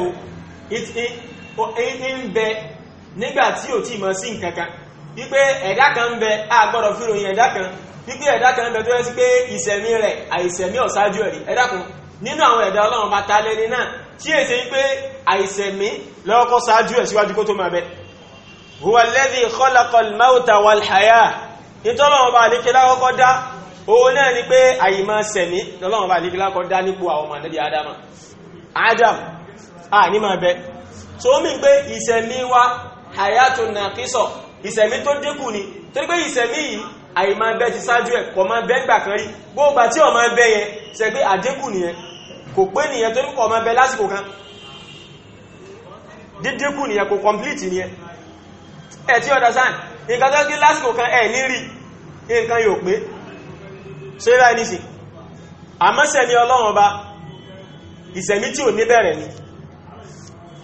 o ń bẹ nígbà tí ò tí mọ̀ sí nǹkan kan wípé ẹ̀dá kan ń bẹ a gbọ́dọ̀ fi ròyìn ẹ̀dá kan wípé ẹ̀dá kan ń bẹ tó yẹ sí pé ìṣẹ̀mí rẹ̀ àìṣẹ̀mí ọ̀ṣáájú ẹ̀rí ẹ̀dá kan nínú àwọn ẹ̀dá ọlọ́run bá ta lẹ́ni náà tí è ṣe pé àìsẹ̀mí lọ́kọ́ sáájú ẹ̀ síwájú kó tó máa bẹ huwa alladhi khalaqa al-mawta wal-haya nítọ́lọ́run bá àlékè lákọ́kọ́ dá òun náà ni pé àìmọ́ sẹ̀mí lọ́lọ́run bá àlékè lákọ́ dá nípò àwọn ọmọ àdébí ádámà ádám à ní máa bẹ tó mì pé ìsẹ̀mí wa hayatun naqisa ìsẹ̀mí tó dínkù ni torí pé ìsẹ̀mí yìí àìmá bẹ́ ti sáájú ẹ̀ kọ̀ máa bẹ́ gbà kan rí gbóògbà tí ọmọ ẹbẹ́ yẹn ṣe pé àdínkù nìyẹn kò pé nìyẹn tó nípa ọmọ ẹbẹ́ lásìkò kan dídínkù nìyẹn kò kọ̀mplìtì nìyẹn ẹ̀ tí ọ̀dà sáà nǹkan tó gbé lásìkò kan ẹ̀ ní rí nǹkan yóò pé ṣe ẹni sì àmọ́sẹ̀ ni ọlọ́run ọba ìsẹ̀mí tí ò ní bẹ̀rẹ̀ ni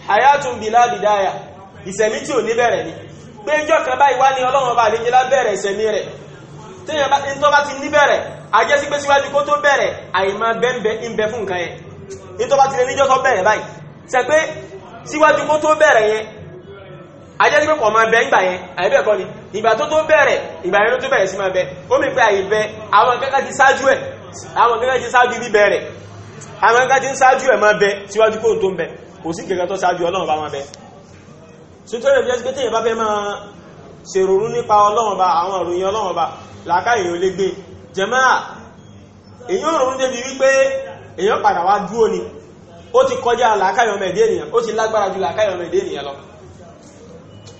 hayatun bila bidaya ìsẹ̀mí tí ò ní bẹ̀rẹ̀ ni pé ìjọ kan báyìí wá ní ọlọ́run ọba àdéjẹ́lá bẹ̀rẹ̀ ìsẹ̀mí rẹ̀ téèyàn bá ń tó bá ti níbẹ̀rẹ̀ ajẹ́ sí pé síwájú kó tó bẹ̀rẹ̀ àìmọ̀ bẹ́ńbẹ́ ń bẹ fún nǹkan yẹn ní tó bá ti lè níjọ́ tó bẹ̀rẹ̀ báyìí ṣe pé síwájú kó tó bẹ̀rẹ̀ yẹn ajẹ́ sí pé kọ̀ máa bẹ ńgbà yẹn àìbẹ̀ kọ́ ni ìgbà tó tó bẹ̀rẹ̀ ìgbà yẹn ló tó bẹ̀rẹ̀ sí máa bẹ ó mì pé àìbẹ àwọn kankan ti ṣáájú ẹ̀ àwọn kankan ti ṣáájú bíbẹ̀rẹ̀ àwọn kankan ti ń ṣáájú ẹ̀ máa bẹ síwájú kó tó ń bẹ kò sí kankan tó ṣáájú ọlọ́run bá máa bẹ ṣèròrú nípa ọlọ́run ba àwọn ìròyìn ọlọ́run ba làákà èèyàn lè gbé jàmáà èèyàn òròrú débi wípé èèyàn padà wá dúró ni ó ti kọjá làákà yọmọ ẹ̀dẹ́ ènìyàn ó ti lágbára ju làákà yọmọ ẹ̀dẹ́ ènìyàn lọ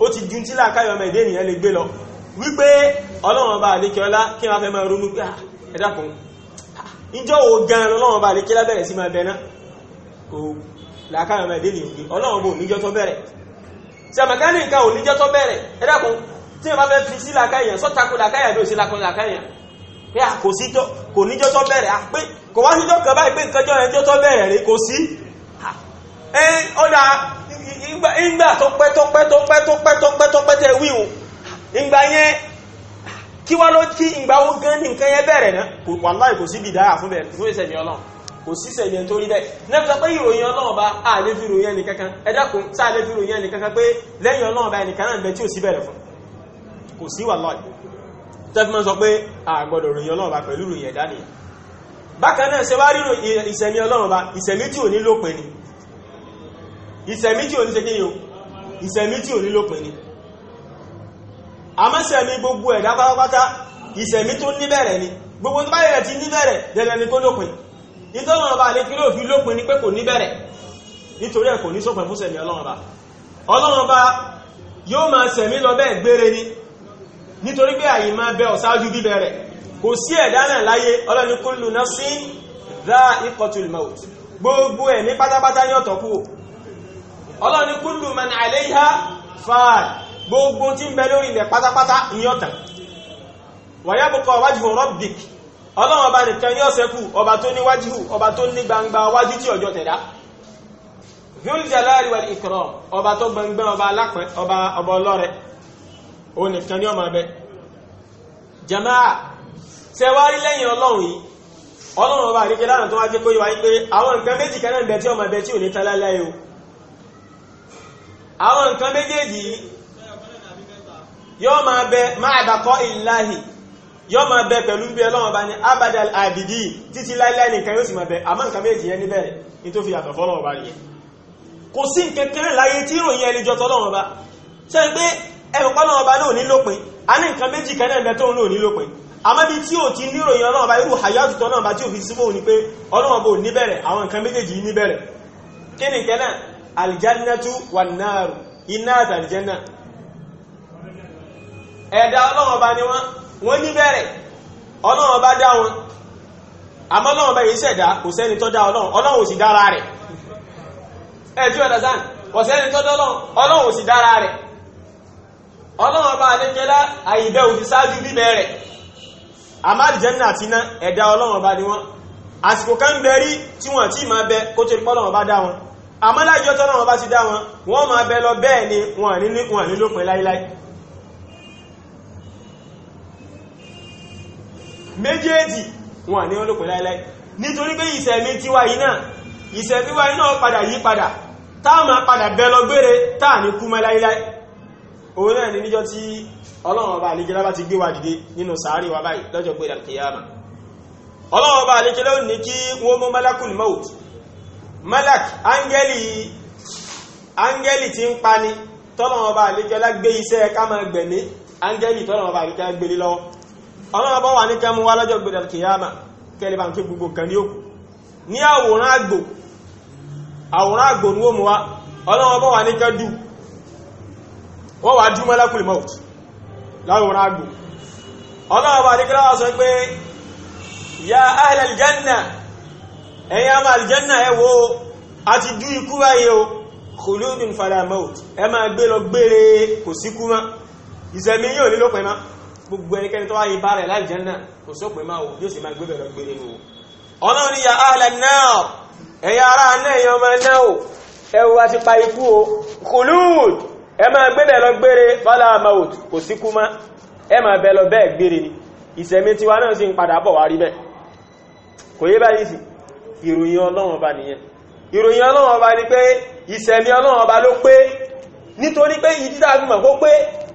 ó ti ju tí làákà yọmọ ẹ̀dẹ́ ènìyàn lè gbé lọ wípé ọlọ́run ba àlékẹ́ọ́lá kí wọ́n fẹ́ máa ronú pé ẹ̀dá kan ìjọ wo gan ọlọ́run ba bẹ̀rẹ̀ sí máa bẹ̀ náà kò làákà yọmọ ẹ̀dẹ́ ènìyàn ọlọ́run sàmàkánì nǹkan ò ní jẹ́ tó bẹ̀rẹ̀ ẹ dákun tí wọ́n bá fẹ́ fi sí làkàyàn sọ́takùn làkàyàn bí ò sí làkàyàn pé à kò sí tó kò níjọ́ tó bẹ̀rẹ̀ à pé kò wá níjọ́ kan báyìí pé nǹkan jọ ẹjọ́ tó bẹ̀rẹ̀ rẹ̀ kò sí ẹ ọ̀dà ìgbà tó pẹ́ tó pẹ́ tó pẹ́ tó pẹ́ tó pẹ́ tó pẹ́ tẹ wíwù ìgbà yẹn kí wá ló kí ìgbà wo gan ni nǹkan yẹn bẹ̀rẹ̀ náà wàláì kò sí bìdáyà fún bẹ̀rẹ̀ fún ìṣẹ̀mí ọlọ́run kò sísẹ̀ yẹn tó rí bẹ́ẹ̀ nípa pé ìròyìn ọlọ́run bá a lè fi ròyìn ẹnì kankan ẹ dákun tá a lè fi ròyìn ẹnì kankan pé lẹ́yìn ọlọ́run bá ẹnì kan náà ń bẹ tí ò sí bẹ̀rẹ̀ fún kò sí wà lọ́ọ̀dì tẹ́fìmọ́ sọ pé a gbọ́dọ̀ ròyìn ọlọ́run bá pẹ̀lú ròyìn ẹ̀dá nìyẹn bákan náà ṣe wá rí ìṣẹ̀mí ọlọ́run bá ìṣẹ̀mí tí ò ní lópin ni ìṣẹ̀mí tí ò ní ṣe kí ni o ìṣẹ̀mí tí ò ni àmọ́sẹ̀mí gbogbo ẹ̀dá ni gbogbo tó ni kó lópin nítọ́lọ̀ ọba àlékí ló fi lópin ní pé kò ní bẹ̀rẹ̀ nítorí ẹ̀ ní sópin fún sẹ̀mí ọlọ́run ọba yóò máa sẹ̀mí lọ bẹ́ẹ̀ gbére ni nítorí pé àyè máa bẹ ọ̀sáájú bíbẹ̀rẹ̀ kò sí ẹ̀dá náà láyé ọlọ́ni gbogbo emi patapata gbogbo ọlọ́run ọba nìkan yóò ṣẹ́kù ọba tó ní wájú ọba tó ní gbangba wájú tí ọjọ́ tẹ̀dá Dhul Jalali wal Ikram ọba tó gbangba ọba alápẹ́ ọba ọba ọlọ́rẹ ó nìkan ní ọmọ abẹ jamaa sẹwárí lẹ́yìn ọlọ́run yìí ọlọ́run ọba àríkẹ́ lánàá tó wá jẹ́ kó yíwa yí pé àwọn nǹkan méjì kan náà ń bẹ tí ọmọ abẹ tí ò ní tán láláyé o àwọn nǹkan méjèèjì yóò máa bẹ máa dàkọ́ ìláhì yóò máa bẹ pẹ̀lú bí ọlọ́run bá ní abadal abidi títí láíláí nìkan yóò sì máa bẹ àmọ́ nǹkan méjì yẹn níbẹ̀ ní tó fi yàtọ̀ fọ́lọ́run bá nìyẹn kò sí nǹkan kan láyé tí ìròyìn ẹni jọ tọ́lọ́run bá ṣe ń pé ẹ̀rùn pọ́lọ́run bá náà nílòpin a ní nǹkan méjì kan náà tó ń lò nílòpin àmọ́ bí tí ò ti fi síbò ní pé ni nǹkan náà aljannatu wan naru iná àtàlìjẹ́nà ẹ̀dá ọlọ́run bá ní wọ́n wọ́n ní bẹ̀rẹ̀ ọlọ́run bá dá wọn àmọ́ ọlọ́run bá yìí ṣẹ̀dá kò sẹ́ni tó dá ọlọ́run ọlọ́run ò sì dára rẹ̀ ẹ̀ tí ọ̀dà sáà kò sẹ́ni tó dá ọlọ́run ọlọ́run ò sì dára rẹ̀ ọlọ́run bá adékẹ́lá àyíbẹ́ òfin ṣáájú bíbẹ̀ rẹ̀ àmọ́ àlìjẹ́nà àti iná ẹ̀dá ọlọ́run bá ní wọn àsìkò kan bẹ rí tí wọ́n ti máa bẹ kó tó pọ́ ọlọ́run bá dá wọn àmọ́ láìjọ́ tọ́lọ́run bá ti dá wọn wọ́n máa bẹ lọ bẹ́ẹ̀ ni wọ́n ní lópin láíláí méjèèjì wọn ní olókùn láíláí nítorí pé ìṣẹ̀mí tiwa yìí náà ìṣẹ̀mí wa yìí náà padà yí padà táà máa padà bẹ lọ gbére táà ní kú mọ́ láíláí òun bá ti wa dìde nínú sàárè wa báyìí lọ́jọ́ pé dàkìyàmà ọlọ́run ọba àlejò ló ní maut malak áńgẹ́lì áńgẹ́lì tí pani tọ́lọ́run ọba àlejò lágbé iṣẹ́ ká máa gbẹ̀mí áńgẹ́lì tọ́lọ́run ọba àlejò lágbé lọ́wọ́ ọlọ́run bá wà ní kẹ́mú wá lọ́jọ́ gbẹ̀dẹ̀ kìyàmà kẹ́lẹ̀ bá ń ké gbogbo kan ní òkú ní àwòrán àgbò àwòrán àgbò ní òmù wa ọlọ́run bá wà ní kẹ́ dù wọ́n wà dú mọ́lákùlì mọ́t láwòrán àgbò ọlọ́run bá ní kẹ́lẹ́ wà sọ pé ya ahlal janna ẹ̀yin àmà gbogbo ẹnikẹ́ni tó wáyé bá rẹ̀ láì jẹ́nà kò só pè máa wò yóò sì máa gbé bẹ̀rẹ̀ gbére ni o ọlọ́run ni yà áàlẹ̀ náà ẹ̀yà ara náà èèyàn máa náà o ẹwù àti pa ikú o kùlùd ẹ máa gbé bẹ̀rẹ̀ gbére bọ́lá maut kò sí kú mọ́ ẹ máa bẹ̀ lọ bẹ́ẹ̀ gbére ni ìsẹ̀mí tiwa náà sì ń padà bọ̀ wá rí bẹ́ẹ̀ kò yé báyìí sì ìròyìn ọlọ́run ọba nìyẹn ìròyìn ọlọ́run ọba ni pé ìsẹ̀mí ọlọ́run ọba ló pé nítorí pé ìdí tá mọ̀ kó pé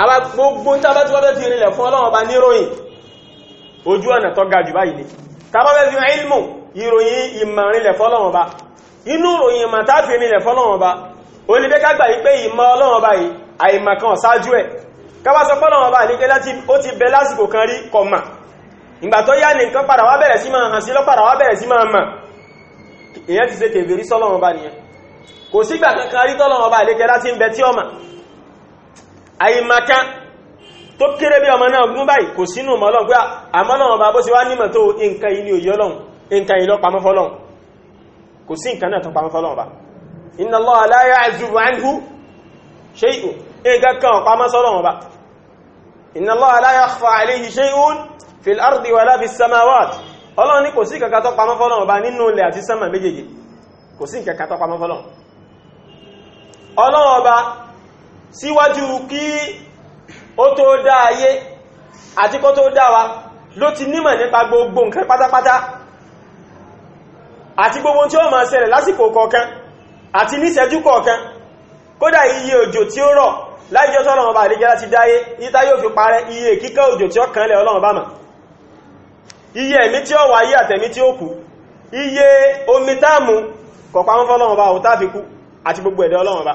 àwa gbogbo ń tábà tí wọ́n fẹ́ fi rinlẹ̀ fún ọlọ́run ọba níròyìn ojú ọ̀nà tó ga jù báyìí ni tábà fẹ́ fi ilmu ìròyìn ìmọ̀ rinlẹ̀ fọ́lọ́run ọba inú ìròyìn ìmọ̀ tá fi rinlẹ̀ fọ́lọ́run ọba ó ní bẹ́ká gbà yìí pé ìmọ̀ ọlọ́run ọba yìí àìmọ̀ kan ṣáájú ẹ̀ káwá sọ pọ́lọ́run ọba ní pé láti ó ti bẹ lásìkò kan rí kọ̀mà ìgbà tó yá ní nǹkan padà wá bẹ̀rẹ̀ sí máa hàn sí lọ́padà wá bẹ̀rẹ̀ sí máa mọ̀ èèyàn ti ṣe kèfèrí sọ́lọ́run ọba nìyẹn kò sígbà kankan rí tọ́lọ́run ọba ìlékẹ́ láti ń bẹ tí ọmọ àyèmàká tó kéré bí ọmọ náà gún báyìí kò sínú mọ́ ọlọ́run pé ah, àmọ́ náà ọba bó ṣe wá nímọ̀ tó nǹkan yìí ní òye ọlọ́run nǹkan yìí lọ pamọ́ fọlọ́run kò sí nǹkan náà tó pamọ́ fọlọ́run ọba inna Allaha la ya'zubu anhu shay'un nǹkan kan ò pamọ́ sọ́lọ́run ọba inna Allaha la yakhfa alayhi shay'un fil ardi wala fis samawat ọlọ́run ní kò síwájú kí ó tó dá ayé àti kó tó dá wa ló ti nímọ̀ nípa gbogbo nǹkan pátápátá àti gbogbo tí ó máa ṣẹlẹ̀ lásìkò kọ̀ọ̀kan àti níṣẹ́jú kọ̀ọ̀kan kódà iye òjò tí ó rọ̀ láìjọ́ tó ọlọ́run bá àdíjẹ́ láti dáyé ìta yóò fi parẹ́ iye kíkẹ́ òjò tí ó kànlẹ̀ ọlọ́run bá mà iye ẹ̀mí tí ó wáyé àtẹ̀mí tí ó kù iye omi táàmù kọ̀pá ń fọ́lọ́run bá òun táàfikú àti gbogbo ẹ̀dẹ́ ọlọ́run bá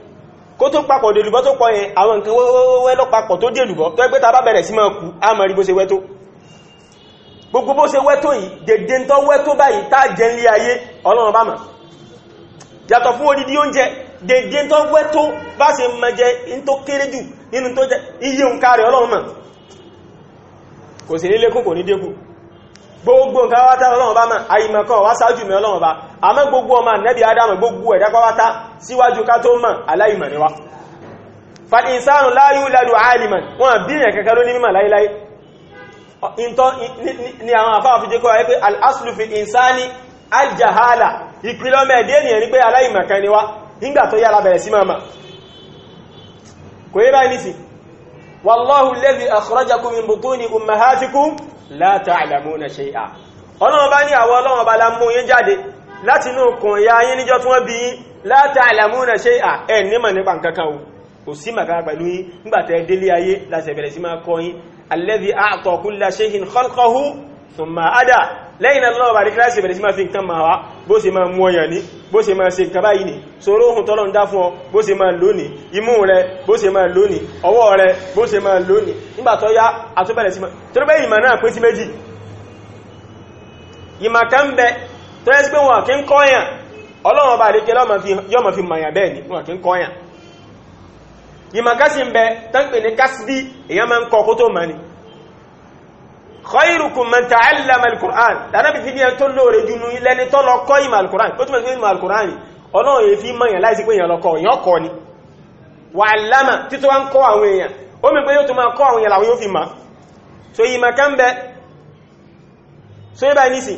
kó tó papọ̀ dèlùbọ́ tó pọ̀ yẹn àwọn nǹkan wẹ́wẹ́wẹ́ lọ́papọ̀ tó dèlùbọ́ tó ẹgbẹ́ ta bá bẹ̀rẹ̀ sí máa kú á mọ̀ rí bó ṣe wẹ́tó gbogbo bó ṣe wẹ́tó yìí dèdè tó wẹ́tó báyìí tá ayé ọlọ́run bá mọ̀ yàtọ̀ fún odidi oúnjẹ dèdè tó wẹ́tó bá ṣe mọ jẹ ń tó kéré jù iye ń kárẹ̀ ọlọ́run mọ̀ kò sí nílé gbogbo nǹkan wá tá ọlọ́run bá mọ̀ wá mi ọlọ́run àmọ́ gbogbo ọmọ nẹ́bí adamu gbogbo ẹ̀dá pàwátá síwájú ká tó mọ̀ aláìmọ̀ ni wá fàdínsánù láyú lẹ́dù àìlìmọ̀ wọn bíyàn kẹkẹ ló ní mímọ̀ láíláí ni àwọn àfáà fi jẹ́ kọ́ ayé pé al'aslu fi insani aljahala ìpìlọ́mẹ̀ dénìyàn ní pé aláìmọ̀ kan ni wá nígbà tó yára bẹ̀rẹ̀ sí mama kò yí báyìí nìsí wallahu alladhi akhrajakum àwọn ọlọ́wọ́ bá lámú yín jáde láti inú kùn ya yín níjọ́ tí wọ́n bí yín la ta'lamuna shay'a ẹ̀ nímọ̀ nípa nǹkankan o kò sí màkà pẹ̀lú yín nígbàtẹ́ délé ayé láti bẹ̀rẹ̀ sí máa kọ́ yín alladhi a'ta kulla shay'in khalqahu thumma ada lẹ́yìn náà lọ́wọ́ bàrí kíláàsì bẹ̀rẹ̀ sí máa fi nǹkan máa wá bó ṣe máa mú ọyàn ní bó ṣe máa ṣe nǹkan báyìí ní sọ̀rọ̀ ohun tọ́lọ̀ ń dá fún ọ bó ṣe bẹ tó yẹ́ sí pé wọn kí ń kọ́yàn ọlọ́run ọba àríkẹ́ yọ́mọ̀ fi mọ̀yàn bẹ́ẹ̀ ni wọn kí ń kọ́yàn ìmọ̀kásí ń bẹ tánpè ní kásìdí èyàn máa ń kọ kó tó mọ̀ ni khairukum man ta'allama al-Qur'an tàbí fi ní ẹn tó lóore jù ni wà lámà títí wá ń kọ́ àwọn èèyàn ó mi pé yóò tó máa kọ́ àwọn èèyàn làwọn yóò fi mọ̀ so ìmọ̀ so yẹ́ báyìí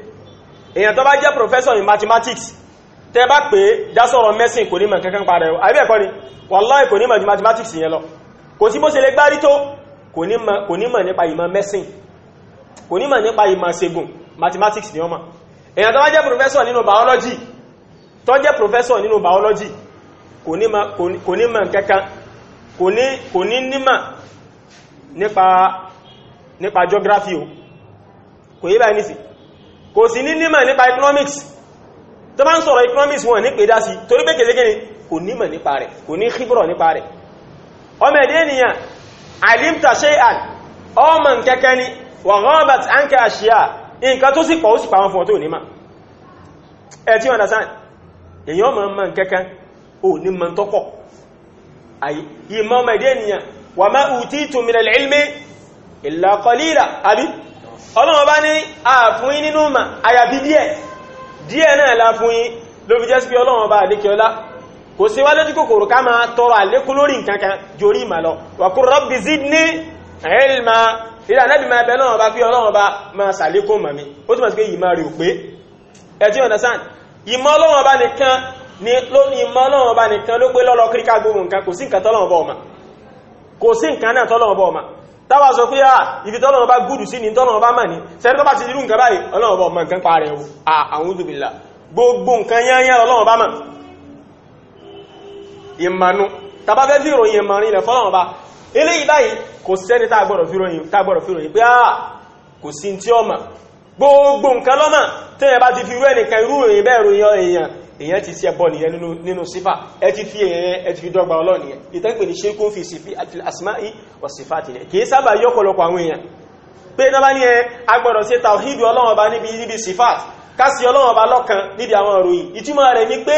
èèyàn tó bá jẹ́ professor in mathematics tẹ́ bá pé dásọ̀rọ̀ mẹ́sìn kò ní mọ̀ kankan parẹ́ o kọ́ ni wàláì kò ní mọ̀ mathematics yẹn lọ kò sí bó ṣe lè gbárí tó kò ní nípa ìmọ̀ mẹ́sìn kò ní nípa ìmọ̀ ṣègùn mathematics ni ó mọ̀ èèyàn tó bá jẹ́ professor nínú biology tó jẹ́ professor nínú biology kò ní mọ̀ kankan kò ní nímọ̀ nípa geography o kò yí báyìí kò sí ní nímọ̀ nípa economics tó bá ń sọ̀rọ̀ economics wọn ní pèdá sí torí pé kèsé kìíní kò nímọ̀ nípa rẹ̀ kò ní híbrọ̀ nípa rẹ̀ ọmọ ẹ̀dẹ́ ènìyàn alimta shay'an ọmọ nkẹ́kẹ́ ni wà ghabat anka àṣíyà nǹkan tó sì pọ̀ àbí ọlọ́run bá ní àfún yín nínú mà àyàfi díẹ̀ díẹ̀ náà la fún yín ló fi jẹ́ sí pé ọlọ́run bá àdékẹ́ọlá kò sí wá lójú kòkòrò ká máa tọrọ àlékún lórí nǹkan kan jorí ìmà lọ wa qur rabbi zidni ilma ìlà náà understand ìmọ̀ ọlọ́run bá nìkan ni ló ìmọ̀ ọlọ́run bá nìkan ló pé lọ́lọ́ kíríkà gbogbo nǹkan kò sí táwà sọ pé à ah, ibi tọ́lọ́run bá gúdù sí ni tọ́lọ́run bá mà ní sẹ́rí tó bá ti dirú nǹkan báyìí ọlọ́run bá ọmọ nǹkan pa rẹ̀ o ah, a'udhu billah gbogbo nǹkan yányán ọlọ́run bá mà ìmànú tàbá fẹ́ fìròyìn ìmọ̀rin ilẹ̀ fọ́lọ́run bá eléyìí báyìí kò sẹ́ni tá gbọ́dọ̀ fìròyìn pé à ah, kò sí tí ọmọ gbogbo nǹkan lọ́mà tẹ́yẹ bá ti fi rú ẹnìkan irú ìròyìn bẹ́ẹ̀ ròyìn èèyàn èyàn ti sí ẹbọ nìyẹn nínú sífà ẹ ti fi èyàn ẹ ti fi dọ́gba Ọlọ́run nìyẹn ìtẹ́pẹ̀ ní ṣékún fi sífì asma'i wa sifati nìyẹn kìí sábà yọ ọ̀pọ̀lọpọ̀ àwọn èèyàn pé náà bá ní ẹ agbọ́dọ̀ sí tàwíìdù Ọlọ́run ọba níbi níbi ni pé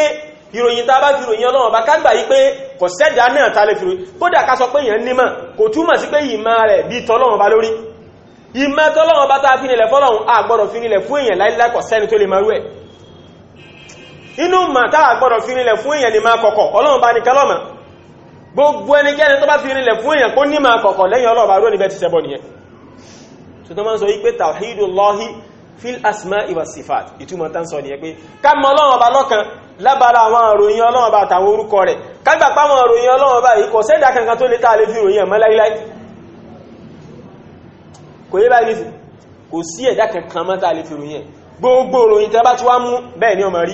ìròyìn tá a bá fi ròyìn Ọlọ́run ọba kágbà yí pé kò sẹ́dá náà ta lè fi ròyìn kódà ká sọ pé èèyàn nímọ̀ kò túmọ̀ sí pé ìmọ̀ rẹ̀ bí tọ́lọ́run ọba lórí ìmọ̀ tọ́lọ́run ọba nílẹ̀ fọ́lọ́run a fi nílẹ̀ fún èèyàn láìláìkọ̀ sẹ́ni tó lè marú ẹ̀ inú ma táà gbọ́dọ̀ fi rinlẹ̀ fún èèyàn ni máa kọ̀kọ̀ ọlọ́run bá ní kálọ́mà gbogbo ẹnikẹ́ni tó bá fi rinlẹ̀ fún èèyàn kó ní máa kọ̀kọ̀ lẹ́yìn ọlọ́run bá rú níbẹ̀ ti ṣẹbọ nìyẹn so tó máa ń sọ wípé tawhidullahi fil asma'i was sifat ìtumọ̀ tán sọ nìyẹn pé ká mọ ọlọ́run bá lọ́kan lábára àwọn àròyìn ọlọ́run bá àtàwọn orúkọ rẹ̀ ká gbà páwọn àròyìn ọlọ́run bá yìí kò sẹ́dà kankan tó lè tá a lè fi ròyìn ẹ̀mọ́ láíláí kò yé báyìí nìsín kò sí ẹ̀dá kankan mọ́ tá a lè fi ròyìn ẹ̀ gbogbo ròyìn tẹ́ bá ti wá mú bẹ́ẹ̀ ni ọmọ rí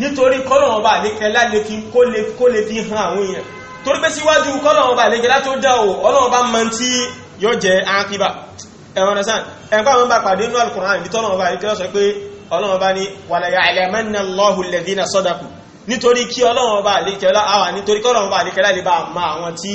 nítorí kọ́lọ̀wọ̀n ọba àlékẹ́lá lè fi kó lè fi hàn àwọn èèyàn torí pé síwájú kọ́lọ̀wọ̀n ọba àlékẹ́lá tó dá o ọlọ́wọ̀n ọba mọ́ tí yóò jẹ àkíbà ẹ̀wọ̀n ẹ̀sán ẹ̀kọ́ àwọn bá pàdé inú Al-Qur'an ibi tọ́lọ̀wọ̀n ọba àlékẹ́lá sọ pé ọlọ́wọ̀n ọba ni wala ya'lamanna Allahu alladhina sadaqu nítorí kí ọlọ́wọ̀n ọba àlékẹ́lá àwọn nítorí kọ́lọ̀wọ̀n ọba àlékẹ́lá lè bá àmà àwọn tí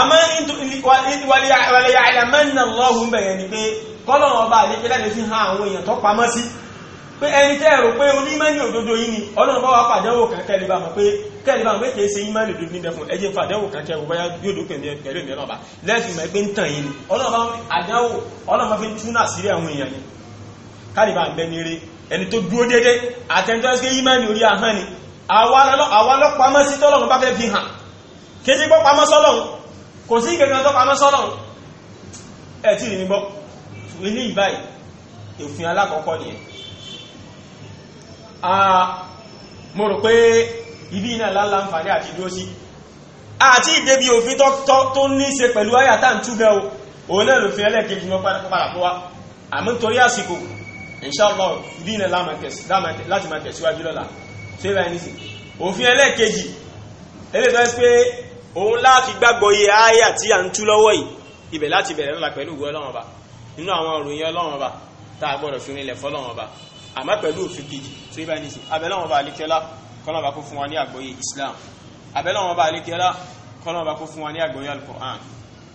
àmọ́ wàlẹ̀ àìlàmẹ́nà lọ́hùn bẹ̀rẹ̀ ni pé kọ́lọ̀wọ̀ ọba àlékẹ́ láti fi hàn àwọn èèyàn tó pamọ́ sí pé ẹni tẹ́ pé onímẹ́ni òdodo yìí ni ọlọ́run bá wà fàdánwò kan kẹ́lẹ́bà mọ̀ mọ̀ pé kìí ṣe bá ọba lẹ́fì mọ̀ pé ń tàn yìí ni ọlọ́run bá àdánwò kò sí ìkẹ̀kẹ́ tó pamọ́ sọ́nà ẹ̀ tí rí mi gbọ́ ilé ìbáyìí òfin alákọ̀ọ́kọ́ nìyẹn mo rò pé ibi iná lálá ń fàní àti dúró sí àti ìdébí òfin tó ní ṣe pẹ̀lú àyà tá ń túbẹ̀ o òun náà lòfin ẹlẹ́ẹ̀kejì mọ́ padà fún wa àmọ́ nítorí àsìkò inshallah ibi iná láti máa tẹ̀síwájú lọ́la ṣé báyìí nísìn òfin ẹlẹ́ẹ̀kejì eléyìí tó ẹ́ pé òun láàfi gbàgbọ́ iye àyà tí à ń tú lọ́wọ́ yìí ibẹ̀ láti bẹ̀rẹ̀ ńlá pẹ̀lú ògùn ọlọ́run ọba nínú àwọn òròyìn ọlọ́run ọba tá a gbọ́dọ̀ fi rinlẹ̀ fọlọ́run ọba àmọ́ pẹ̀lú òfin kejì tó yẹ ní sí abẹ́lọ́run ọba àlékẹ́lá kó fún wa ní àgbọ́yé Islam abẹ́lọ́run ọba àlékẹ́lá kó fún wa ní àgbọ́yé Al-Qur'an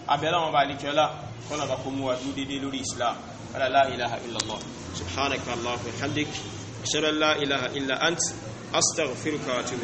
abẹ́lọ́run ọba kó mú wa dúró déédéé lórí Islam la ilaha ant astaghfiruka wa atubu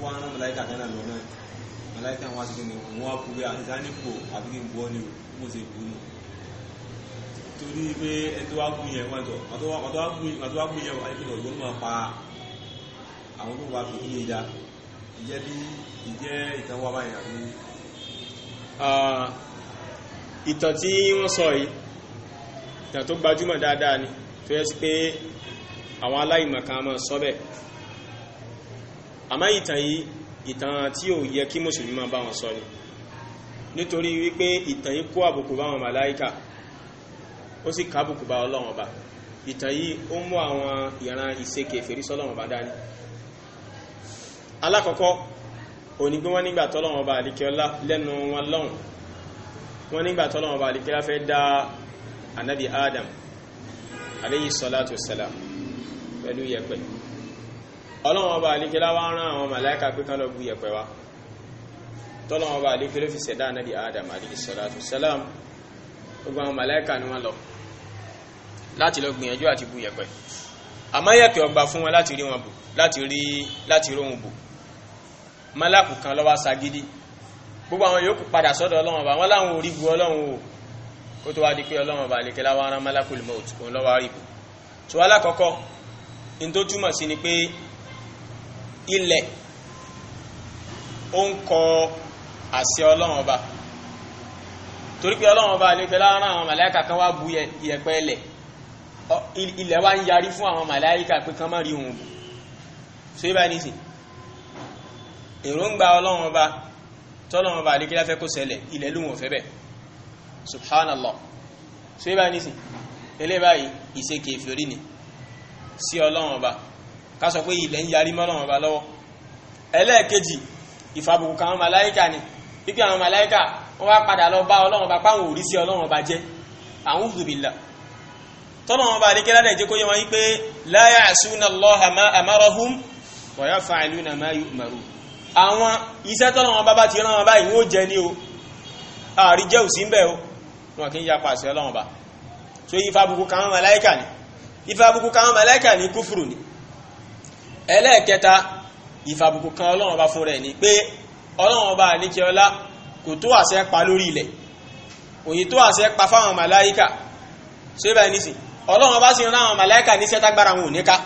ó wá rán màláìkà náà lọ náà màláìkà wọn ti ní wọn á kúrẹ́ àdánìkò àbí kí n bọ́ ni mo ṣe bú nù torí pé ẹni tó wá kú yẹn wọn jọ àti tó wá kú yẹn wọn á ní kí n máa pa àwọn tó wà fi ilé ìdá ìjẹ́ bí ìjẹ́ ìtàn wà báyìí àbí. ìtàn tí wọ́n sọ yìí ìtàn tó gbajúmọ̀ dáadáa ni tó yẹ sí pé àwọn aláìmọ̀kan máa sọ bẹ́ẹ̀ àmá ìtàn yìí ìtàn tí ò yẹ kí mùsùlùmí máa bá wọn sọ ni nítorí wípé ìtàn yìí kó àbùkù bá wọn màláíkà ó sì kábùkù bá ọlọ́wọ́n ọba ìtàn yìí ó mú àwọn ìran ìṣekè fèrí sọ́lọ́wọ́n ọba dání alákọ̀ọ́kọ́ òní pé wọ́n nígbà tọ́lọ́wọ́n ọba àdíkẹ́ ọlá lẹ́nu wọn lọ́hùn wọ́n nígbà tọ́lọ́wọ́n ọba àdíkẹ́ láfẹ́ dá anabi adam aleyhi salatu salam pẹ̀lú yẹpẹ̀ ọlọ́wọ́n ọba àlékelá wá rán àwọn màláìka pé kán lọ bu yẹ̀pẹ̀ wa tọ́lọ́wọ́n ọba àlékelé fi ṣẹ̀dá anábì adam alayhi salatu salam gbogbo àwọn màláìka ni wọ́n lọ láti lọ gbìyànjú àti bu yẹ̀pẹ̀ àmọ́ yẹ̀pẹ̀ ọgbà fún wọn láti rí wọn bù láti rí láti róhun bù málákù kan ló wá sagídí gbogbo àwọn yòókù padà sọ́dọ̀ ọlọ́wọ́n ọba wọn láwọn orí bu ọlọ́wọ́n o kó tó wá di pé ọlọ́wọ́n ọba àlékelá wá rán málákù lè mọ̀ òun lọ́wọ́ àríkù tó alákọ̀ọ́kọ́ in tó túmọ̀ sí ni pé ilẹ̀ ó ń kọ àṣẹ ọlọ́run ọba torí pé ọlọ́run ọba àlejò láàárín àwọn màláìka kan wá bu iyẹ̀pẹ̀ ilẹ̀ ilẹ̀ wá ń yarí fún àwọn màláìka pé kán má rí òun bù so yíba ní sìn èròǹgbà ọlọ́run ọba tọ́lọ́run ọba àlejò láfẹ́ kó ṣẹlẹ̀ ilẹ̀ ló wọ̀n fẹ́ bẹ̀ subhanallah so yíba ní sìn eléyìí báyìí ìṣe kèfèrí ni sí ọlọ́run ọba ká sọ pé ilẹ̀ ń yarí mọ́nà ọba lọ́wọ́ ẹlẹ́ẹ̀kejì ìfàbùkù kan àwọn màláìkà ni pípé àwọn màláìkà wọ́n wá padà lọ bá ọlọ́run ọba páwọn òrísí ọlọ́run ọba jẹ́ àwọn òdùbìlà tọ́nà ọba àdékẹ́ ládà ìjẹ́ kó yẹ wọn wípé la ya'suna Allaha ma amarahum wa yaf'aluna ma yu'marun àwọn iṣẹ́ tọ́nà ọba bá ti rán wọn báyìí wọ́n jẹ ní o àrí jẹ́ òsì ń o wọn kì í yapa àṣẹ ọlọ́run ọba so ìfàbùkù kan àwọn ni ìfàbùkù kan àwọn ni kúfùrù ni ẹlẹ́ẹ̀kẹta ìfàbùkù kan ọlọ́run ọba fún rẹ̀ ni pé ọlọ́run ọba àlékẹ́ ọlá kò tó àṣẹ pa lórí ilẹ̀ òyìn tó àṣẹ pa fáwọn màláíkà ṣé báyìí nísìn ọlọ́run ọba sì ń ráwọn màláíkà níṣẹ́ tágbára wọn ò ní ká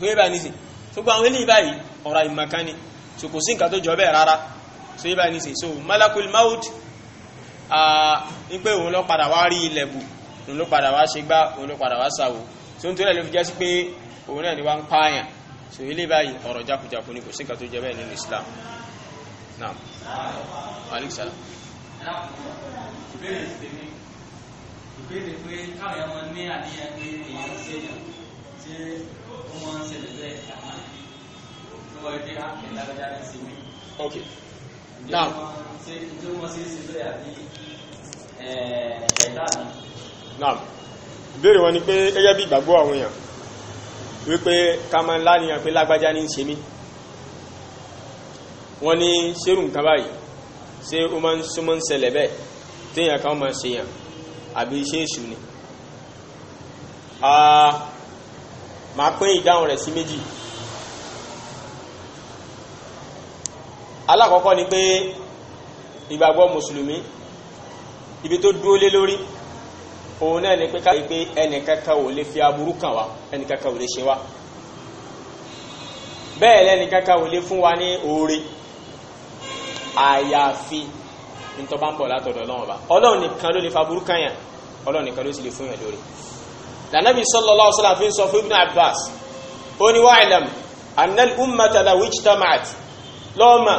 ṣé báyìí nísìn ṣùgbọ́n àwọn eléyìí báyìí ọ̀rọ̀ ìmọ̀kan ni so kò sí nǹkan tó jọ bẹ́ẹ̀ rárá so yíba ní sè so malakul maut ní pé òun ló padà wá rí ilẹ̀ bù òun ló padà wá ṣe gbá òun ló padà wá sàwò so nítorí ẹ̀ ló fi jẹ́ sí pé òun náà ni wá ń pààyàn so ilé báyìí ọ̀rọ̀ jákujàku ní kò sí nǹkan tó jẹ́ bẹ́ẹ̀ nínú Islam naam malik salam. ìbéèrè tèmi ìbéèrè pé káwọn ọmọ ní àníyàn pé èèyàn ń ṣèyàn tí ó máa ń ṣẹlẹ̀ bẹ́ẹ̀ àmọ́ ah, tó wọ́n dé ápẹ́ lágbájá ní sinmi. ok naam. ṣé ìjọba wọn ṣe é ṣe bẹ́ẹ̀ àbí ẹ̀ẹ́dá mi. naam ìbéèrè wọn ni pé gẹ́gẹ́ bí ìgbàgbọ́ àwọn èèyàn wípé kama ńlá ni àpé lágbájá ní ṣe mí wọ́n ní ṣerù nǹkan báyìí ṣé ó máa ń súnmọ́ ń ṣẹlẹ̀ bẹ́ẹ̀ téèyàn kan máa ṣe yàn àbí iṣẹ́ èṣù ni máa pín ìdáhùn rẹ̀ sí méjì alákọ̀ọ́kọ́ ni pé ìgbàgbọ́ mùsùlùmí ibi tó dúó lé lórí òun náà ni pé ká pé ẹnìkankan ò lè fi aburú kàn wá ẹnìkankan ò lè ṣe wá bẹ́ẹ̀ lẹ́nìkankan ò lè fún wa ní oore àyàfi nítorí bá ń bọ̀ látọ̀dọ̀ ọlọ́run ọba ọlọ́run nìkan ló lè fa aburú kàn yàn ọlọ́run nìkan ló sì lè fún yàn lóore lànàbí sallallahu alaihi wasallam fi ń sọ fún ibn abbas ó ní wa'lam anna al-ummata law ijtama'at lọ́ọ̀mà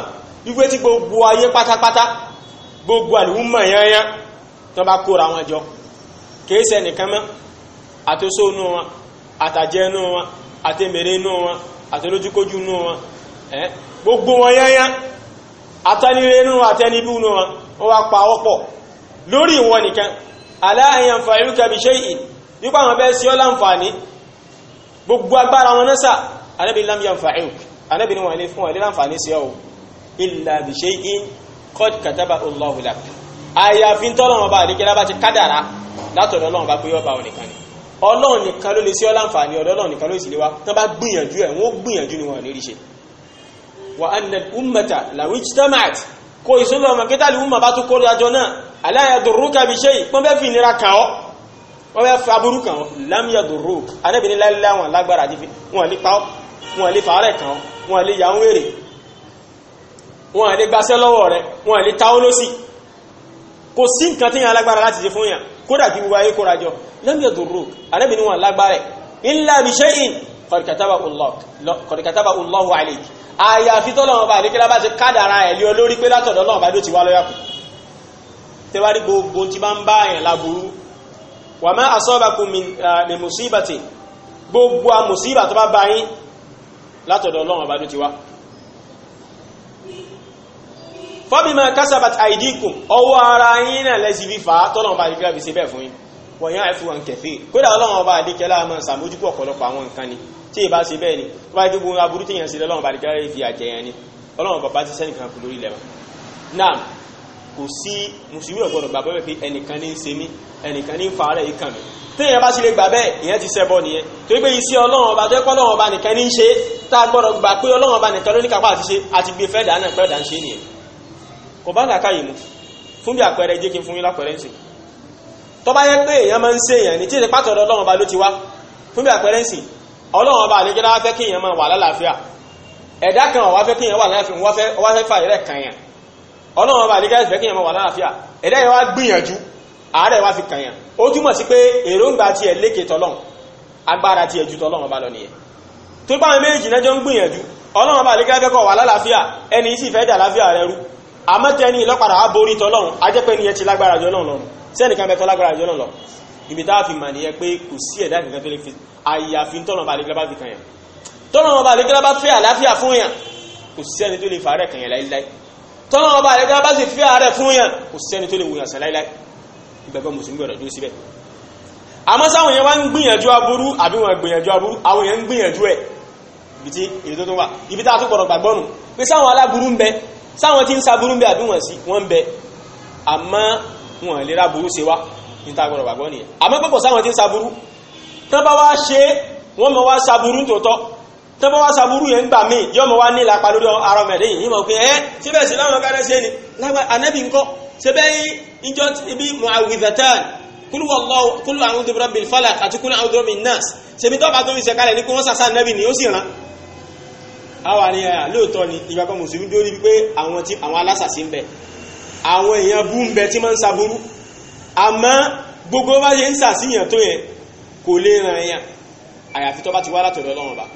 wípé tí gbogbo ayé pátápátá gbogbo àlùmọ̀ yányán tó bá kóra wọn jọ kìí ṣe nìkan mọ́ àtòsó inú wọn àtàjẹ inú wọn àtẹmẹ̀rẹ̀ inú wọn àtẹlójúkójú inú wọn gbogbo wọn yányá àtẹnire inú wọn àtẹnibú inú wọn ó wá pa ọ̀pọ̀ lórí ìwọ nìkan ala yanfa'uka bi shay'in nípa àwọn bẹ́ẹ̀ sí ọ láǹfààní gbogbo agbára wọn náà sà anábì lam yanfa'uka anábì ni wọn lè fún ọ lè láǹfààní sí ọ illa bi shay'in qad kataba Allahu àyàfi tọ́lọ́run ọba àdékẹ́lá bá ti kádàrá látọ̀dọ̀ ọlọ́run bá pé ọba òun nìkan ni ọlọ́run nìkan ló lè sí ọláǹfààní ọ̀dọ̀ ọlọ́run nìkan ló sì lè wá tán bá gbìyànjú ẹ̀ wọ́n gbìyànjú ni wọ́n lè rí ṣe wa anna ummata law ijtama'at kó ìṣúlọ ọmọ kí tàbí umma bá tún kó lọ́jọ́ náà ala yadurruka bi shay pọ́n bẹ́ fi ìnira kàn ọ́ wọ́n bẹ́ kò sí nǹkan tí yàn alágbára láti ṣe fún yàn kódà kí gbogbo ayé kóra jọ lẹ́mí ẹ̀dùnrú alẹ́bí ni wọn lágbára illa bi shay'in qad katabahu Allah qad katabahu Allahu alayk àyàfi tọ́lọ́wọ́n bá àdékẹ́lá bá ti kádàrá ẹ̀ lé olórí pé látọ̀dọ̀ náà bá dó ti wá lọ́yà kù tẹwàrí gbogbo tí bá ń bá àyàn láburú wa ma asabakum min musibati gbogbo a musíbà tó bá bá yín látọ̀dọ̀ Ọlọ́run bá dó ti wá fọ́bímọ̀ kásábàtì àìdíkùn ọwọ́ ara yín náà lẹ́sí fífà tọ́lọ́run bá dìkẹ́ fi ṣe bẹ́ẹ̀ fún yín wọ̀nyí àìfún wọn kẹfẹ́ kódà ọlọ́run bá dìkẹ́ láàmú sàmójúkú ọ̀pọ̀lọpọ̀ àwọn nǹkan ni tí ì bá ṣe bẹ́ẹ̀ ni wọ́n bá gbogbo aburú tí yẹn ṣe lọ́run bá dìkẹ́ fi àjẹyàn ni ọlọ́run bàbá ti sẹ́nìkan kú lórí ilẹ̀ wọn. naam kò sí mùsùlùmí ọ̀gbọ́dọ̀ gbà bẹ́ẹ̀ pé ẹnìkan ní ń ṣe mí ẹnìkan ní ń fa ara ìkàn mi téèyàn bá sì bẹ́ẹ̀ ìyẹn ti ṣẹbọ nìyẹn torí pé iṣẹ́ ọlọ́run ọba tó ẹ̀kọ́ ọlọ́run ọba nìkan ní ń ṣe tá a gbọ́dọ̀ gbà pé ọlọ́run ọba nìkan ló ní kápá àti kò bá làákàyè mu fún bí àpẹẹrẹ jẹ́ kí fún yín lápẹẹrẹ nsìn tó bá yẹ pé èèyàn máa ń ṣe èèyàn ní tí ìṣe pàtó ọ̀dọ̀ ọlọ́run ọba ló ti wá fún bí àpẹẹrẹ nsìn ọlọ́run ọba àlejò náà fẹ́ kí èèyàn máa wà lálàáfíà ẹ̀dá kan ọ̀wá fẹ́ kí èèyàn wà lálàáfíà wọ́n fẹ́ fà ìrẹ́ kan yàn ọlọ́run ọba àlejò fẹ́ kí èèyàn máa wà lálàáfíà ẹ̀dá yẹn wá gbìyànjú àárẹ̀ wá fi kàn ó túmọ̀ sí pé èròǹgbà tiẹ̀ lékè tọ́lọ́run agbára tiẹ̀ ju tọ́lọ́run ọba lọ nìyẹn tó bá wọn méjì náà jọ ń gbìyànjú ọlọ́run ọba àlejò fẹ́ kọ̀ wà lálàáfíà ẹni sì fẹ́ dà láfíà rẹ rú àmọ́tẹ́ni ìlọ́padà á borí tọ́lọ́run ajẹ́pẹ́ ní ẹ ti lágbára jọ náà lọ sẹ́nìkan bẹ́ẹ̀ tó lágbára jọ náà lọ ibi tá a fi mà nìyẹn pé kò sí ẹ̀dá kankan tó lè fi àyàfi tọ́lọ́run bá lẹ́gbẹ́ bá fi kàn yàn tọ́lọ́run bá lẹ́gbẹ́ bá fẹ́ àlàáfíà fún yàn kò sẹ́ni tó lè fa àárẹ̀ kàn yàn láíláí tọ́lọ́run bá lẹ́gbẹ́ bá sì fẹ́ àárẹ̀ fún yàn kò sẹ́ni tó lè wòyàn sàn láíláí ìgbàgbọ́ mùsùlùmí gbọ́dọ̀ dúró síbẹ̀ àmọ́ sáwọn yẹn wá ibi tí èyí tó tó wà ibi tá a tó gbọ́dọ̀ gbàgbọ́nù pé sáwọn aláburú ń bẹ sáwọn tí ń saburú ń bẹ àbí wọ́n sí wọ́n ń bẹ àmọ́ wọn lè ra burú ṣe wá ní tá a gbọ́dọ̀ gbàgbọ́ nìyẹn àmọ́ pẹ́pọ̀ sáwọn tí ń saburú tí wá ṣe wọ́n mọ̀ wá saburú tòótọ́ tí wá saburú yẹn gbà míì yóò mọ̀ wá ní ìlàpá lórí ara ọmọ yìí ní pé ẹ́ síbẹ̀ sí láwọn kárẹ́ ṣe ni anábì ńkọ́ síbẹ̀ ìjọ ibi muawidatan kulu wallahu kulu a'udhu bi rabbil falaq àti kulu a'udhu bi nas ṣèbí tọ́ba tó fi ṣẹ̀kalẹ̀ ní kí wọ́n sàṣà nábì ni ó sì rán àwa ni ẹ̀yà lóòótọ́ ni ìgbàgbọ́ mùsùlùmí dórí wípé àwọn tí àwọn alásàsí ń bẹ àwọn èèyàn bú ń bẹ tí máa ń saburú àmọ́ gbogbo bá ṣe ń sàṣìyàn tó yẹn kò lè ràn yàn àyàfi tó bá ti wá látọ̀dọ̀ Ọlọ́run bá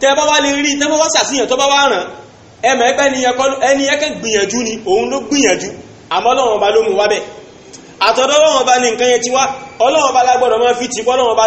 tẹ́ bá wá lè rí tẹ́ bá wá sàṣìyàn tó bá wá ràn ẹ mọ̀ pé ẹni yẹn gbìyànjú ni òun ló gbìyànjú àmọ́ Ọlọ́run bá ló mú wá bẹ̀ àtọ̀dọ̀ Ọlọ́run bá ní nǹkan yẹn ti wá Ọlọ́run bá lágbọ́dọ̀ máa fi tì pọ́ Ọlọ́run bá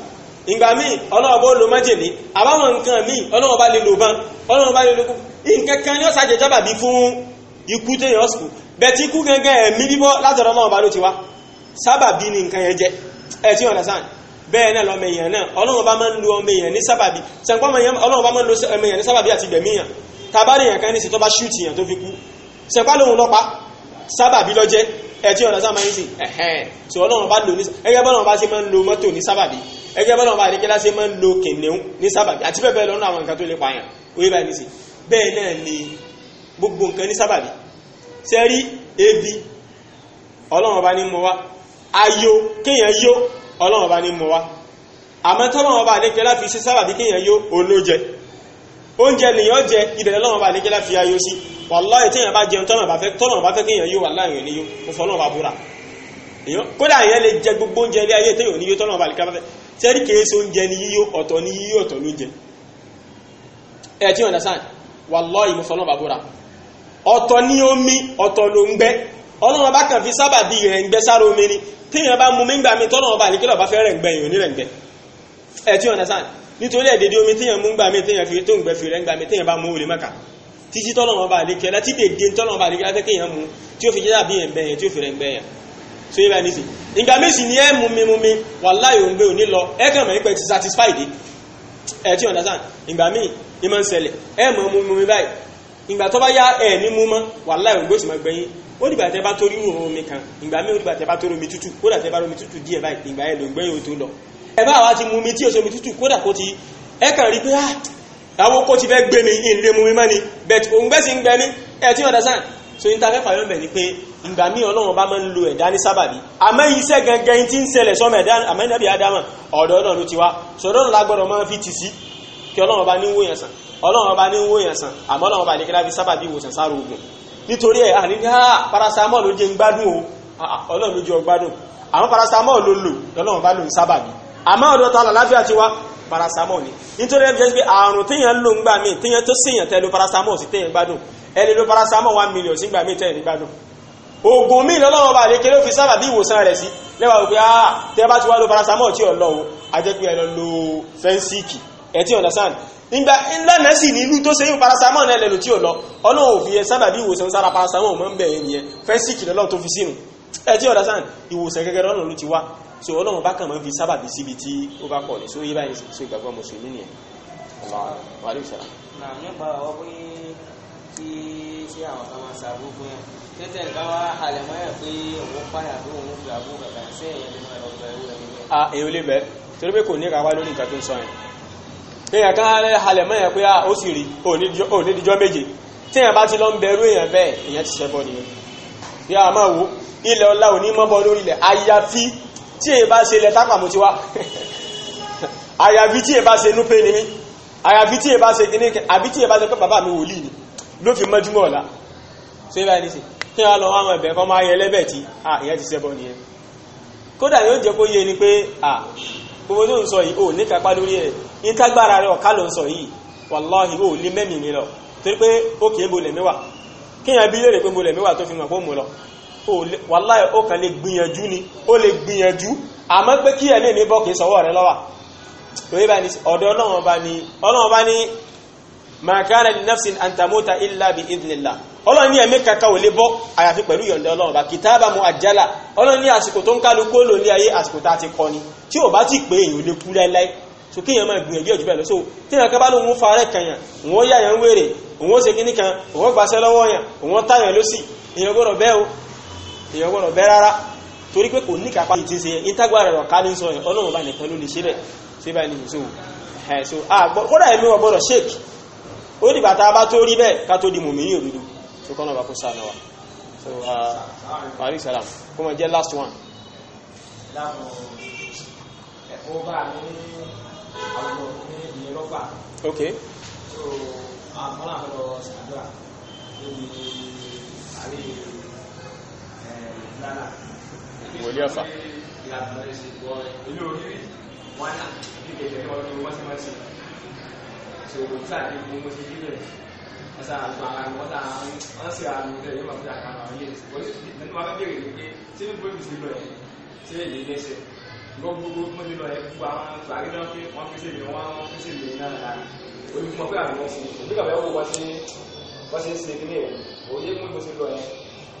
ìgbà míì ọlọ́wọ́ bó lo májèlé àbáwọn nǹkan míì ọlọ́wọ́ bá lè lò bán ọlọ́wọ́ bá lè lò kú nǹkan kan yóò ṣàjẹ́ sábàbí fún ikú téèyàn sùn bẹ̀tí ikú gangan ẹ̀mí bíbọ́ látọ̀dọ̀ ọlọ́wọ́ bá ló ti wá sábàbí ni nǹkan yẹn jẹ ẹ̀ tí ọ̀nà sáà bẹ́ẹ̀ náà lọ́mọ èèyàn náà ọlọ́wọ́ bá máa ń lo ọmọ èèyàn ní sábàbí sẹ́ńpọ́ ọlọ́wọ́ bá máa ń lo ọmọ èèyàn ní sábàbí àti gbẹ̀míyàn tàbárì èèyàn kan ní sí tó bá ṣúùtì èèyàn tó fi kú sẹ́ńpọ́ lóhun lọ́pàá sábàbí lọ́jẹ́ ẹ̀ tí ọ̀nà sáà máa ń sìn ẹ̀hẹ́n tí ọlọ́wọ́ bá lò ní ẹgbẹ́ bọ́lọ́wọ́ bá ti máa ń lo mọ́tò ní sábàbí ẹjẹ́ bọ́lá ọba àdékẹ́lá ṣe máa ń lo kìnìún ní sábàbí àti bẹ́ẹ̀ bẹ́ẹ̀ lọ́nà àwọn nǹkan tó lè pààyàn òye bá ní sí bẹ́ẹ̀ náà ni gbogbo nǹkan ní sábàbí ṣe ebi ọlọ́run ọba ní mọ wá ayo kéèyàn yó ọlọ́run ọba ní mọ wá àmọ́ tọ́lọ́run ọba àdékẹ́lá fi ṣe sábàbí kéèyàn yó olójẹ oúnjẹ nìyàn jẹ ìdẹ̀lẹ́ lọ́run ọba àdékẹ́lá fi ayo sí wàláyé téèyàn bá jẹun tọ́lọ́run bá ni yó mo fọ́ ọlọ́run bá búra kódà ìyẹn lè jẹ gbogbo oúnjẹ ilé ayé téèyàn ní sẹ́rí kìí so oúnjẹ ní yíyó ọ̀tọ̀ ní yíyó ọ̀tọ̀ ló jẹ ẹ̀ tí wọ́n dásáàn wallahi mo fọlọ́ bàbúrà ọ̀tọ̀ ní omi ọ̀tọ̀ ló ń gbẹ ọlọ́run bá kàn fi sábà bí rẹ̀ ń gbẹ sára omi ni téèyàn bá mu mígbà mi tọ́lọ́run bá àlékélọ̀ bá fẹ́ rẹ̀ ń gbẹ yìí ò ní rẹ̀ ń gbẹ ẹ̀ tí wọ́n dásáàn nítorí ẹ̀dẹ̀dẹ̀ omi téèyàn mú gbà mi téèyàn fi tó ń gbẹ fi rẹ̀ ìgbà méjì ni ẹ mumi mumi wallahi òǹgbẹ òní lọ ẹ kàn mọ̀ nípa ti satisfied ẹ ti understand ìgbà míì ní máa ń ṣẹlẹ̀ ẹ mọ̀ mumi mumi báyìí ìgbà tó bá yá ẹ ní mú mọ́ wallahi òǹgbẹ òsì máa gbẹ̀yìn ó dìgbà tẹ bá torí òun omi kan ìgbà míì ó dìgbà tẹ bá torí omi tútù kódà tẹ bá romi tútù díẹ̀ báyìí ìgbà ẹ lòǹgbẹ yóò tó lọ ẹ bá wa ti mumi tí oṣù tútù kódà kó ti ẹ kàn rí pé ah, àwọn kó ti fẹ́ gbé mi ìlé mumi mọ́ ni bẹ̀t òǹgbẹ sì ń gbẹ mi ẹ ti understand so ìtafẹ́fà yọ̀ bẹ̀ ni ìgbà míì ọlọ́run bá máa ń lo ẹ̀dá ní sábàbí àmọ́ iṣẹ́ gangan tí ń ṣẹlẹ̀ sọ́mọ ẹ̀dá àmọ́ ìnàbí adama ọ̀dọ̀ náà ló ti wá sọ̀rọ̀ náà lágbọ́dọ̀ máa fi tì sí kí ọlọ́run bá ní wó yẹn sàn ọlọ́run bá ní wó yẹn sàn àmọ́ ọlọ́run bá nìkan láti sábàbí ìwòsàn sára ogun nítorí ẹ̀ àní ní àà ah, paracetamol ló jẹ́ ń gbádùn o ah, ah, ọlọ́run ló jẹ́ ọgbádùn àwọn paracetamol ló lò lọ́lọ́run bá lò ń sábàbí àmọ́ ọ̀dọ̀ ta làlàáfíà ti wá paracetamol ni nítorí ẹ̀ jẹ́ pé àrùn téèyàn ló ń gbà míì téèyàn tó séèyàn one million sí gbà oògùn míì lọ́lọ́wọ́n bá lè kéré ó fi sábà bí ìwòsàn rẹ̀ sí lẹ́wà wípé ah tẹ́ bá ti wá ló parasamọ́ tí ọ̀lọ́ o ajẹ́pẹ́ ẹ̀ lọ lo fẹ́ńsíìkì ẹ̀ tí understand ìgbà ńlànà sì ní ìlú tó ṣe yíò parasamọ́ náà lẹ́nu tí ò lọ ọlọ́run òfin ẹ sábà bí ìwòsàn sára parasamọ́ mọ́ ń bẹ̀ ẹ̀ nìyẹn fẹ́ńsíìkì lọ́lọ́ tó fi sínú ẹ̀ tí understand ìwòsàn gẹ́gẹ́ lọ́nà ló ti wá so ọlọ́run bá kàn mọ́ fi sábà bí síbi tí ó bá pọ̀ ní so yí báyìí so ìgbàgbọ́ mùsùlùmí nìyẹn wàhálà ìṣẹ̀lá. nípa ọkùnrin tí tí àwọn kan máa ṣàbò fún yẹn tẹ́tẹ̀ nǹkan wá halẹ̀ mọ́ yẹn pé òun pààyàn bí òun fi àbò kàkà sí èèyàn lè máa lọ bẹ ewu ẹni bẹ́ẹ̀. a èyí lè bẹ torí pé kò ní ìkáwá lórí nǹkan tó ń sọ yẹn èèyàn kan halẹ̀ mọ́ yẹn pé ó sì rí òní díjọ́ méje téèyàn bá ti lọ ń bẹrú èèyàn bẹ́ẹ̀ èèyàn ti ṣẹbọ nìyẹn bí a máa wo ilẹ̀ ọlá òní mọ́bọ lórí ilẹ̀ àyàfi tí èyí bá ṣe ilẹ̀ tápàmù ti wá <laughs> àyàfi tí èyí bá ṣe núpé ni mí àyàfi tí èyí bá ṣe kíní àbí tí èyí bá ṣe pé bàbá mi wòlíì ni ló fi mọ́júmọ́ ọ̀la tó yẹ báyìí nísìn kí wọ́n lọ àwọn ẹ̀bẹ̀ kan máa yẹ lẹ́bẹ̀ tí à ìyẹn ti ṣẹbọ nìyẹn kódà yóò jẹ́ kó yé ni pé à gbogbo tó ń sọ yìí ò ní kápá lórí ẹ̀ ìtagbára rẹ̀ ọ̀ká ló ń sọ yìí wàláhì ò lé mẹ́mì mi lọ torí pé ó kì í bo lẹ̀mí wà kí yẹn bí léèrè pé mo lẹ̀mí wà tó fi mọ̀ pé mo lọ wàláhì ó kàn lè gbìyànjú ni ó lè gbìyànjú àmọ́ pé kí ẹ̀mí mi bọ́ kì í sọwọ́ rẹ lọ́wà lórí bá ní ọ̀dọ̀ ọlọ́run ọba ní ọlọ́run ọba ní ma kana li nafsin an tamuta illa bi idhnillah ọlọ́run ní ẹ̀mí kankan ò lè bọ́ àyàfi pẹ̀lú yọ̀ǹda ọlọ́run bá kìtàbà mu àjálà ọlọ́run ní àsìkò tó ń kálukú ó lò ní ayé àsìkò tá a ti kọ́ ni tí ò bá ti pé èyàn ò lè kú láíláí so kéèyàn máa gbìyànjú ẹ̀jú bẹ́ẹ̀ lọ so téèyàn kan bá lóun ń farẹ́ kanyàn òun ó yáyàn wèrè òun ó ṣe kíní kan òun ó gbaṣẹ́ lọ́wọ́ yàn òun ó táyàn lọ́sì èèyàn èèyàn gbọ́dọ̀ bẹ́ẹ̀ rárá torí pé kò ní kápá ti ṣe ìtagbára rẹ̀ ká ní sọ yẹn ọlọ́run bá nìkan ló lè ṣe bẹ́ẹ̀ ṣe báyìí nìyí so kódà ẹ̀mí wọn gbọ́dọ̀ shake ó dìgbà tá bá tó rí bẹ́ẹ̀ ká tó di mùmínì òdodo so kọ́nà bá kó sànà wa so parí uh, sàlám kó mọ jẹ́ last one. ẹ̀kọ́ bá ní àwọn ní ìyẹn rọ́bà. ok. so àwọn àlọ́ sàdúrà níbi àrí ìlànà. wòlí ọ̀fà. ìlànà ìsìnkú ọ̀rẹ́ orí wọn ní ìgbésẹ̀ ọdún wọ́n ti máa ń ṣòro tí àdéhùn mo ti dílé wọn sá àgbà àwọn wọn sá wọn sì àmì tẹ yóò máa fi àkàrà àwọn yẹn wọn sì nínú wọn bẹ̀rẹ̀ ní pé ṣé bí bóyá ìṣèlú ẹ̀ ṣé èyí ní ṣe gbogbo mo ti lọ ẹ gbogbo àwọn àgbàrí náà pé wọn fi ṣèlú wọn wọn fi ṣèlú náà lára olùkọ́ pé àwọn ọ̀sìn òbíkà bẹ́ẹ̀ wò wọ́n ṣe wọ́n ṣe ń ṣe kílẹ̀ òye mú ìbòsí lọ ẹ̀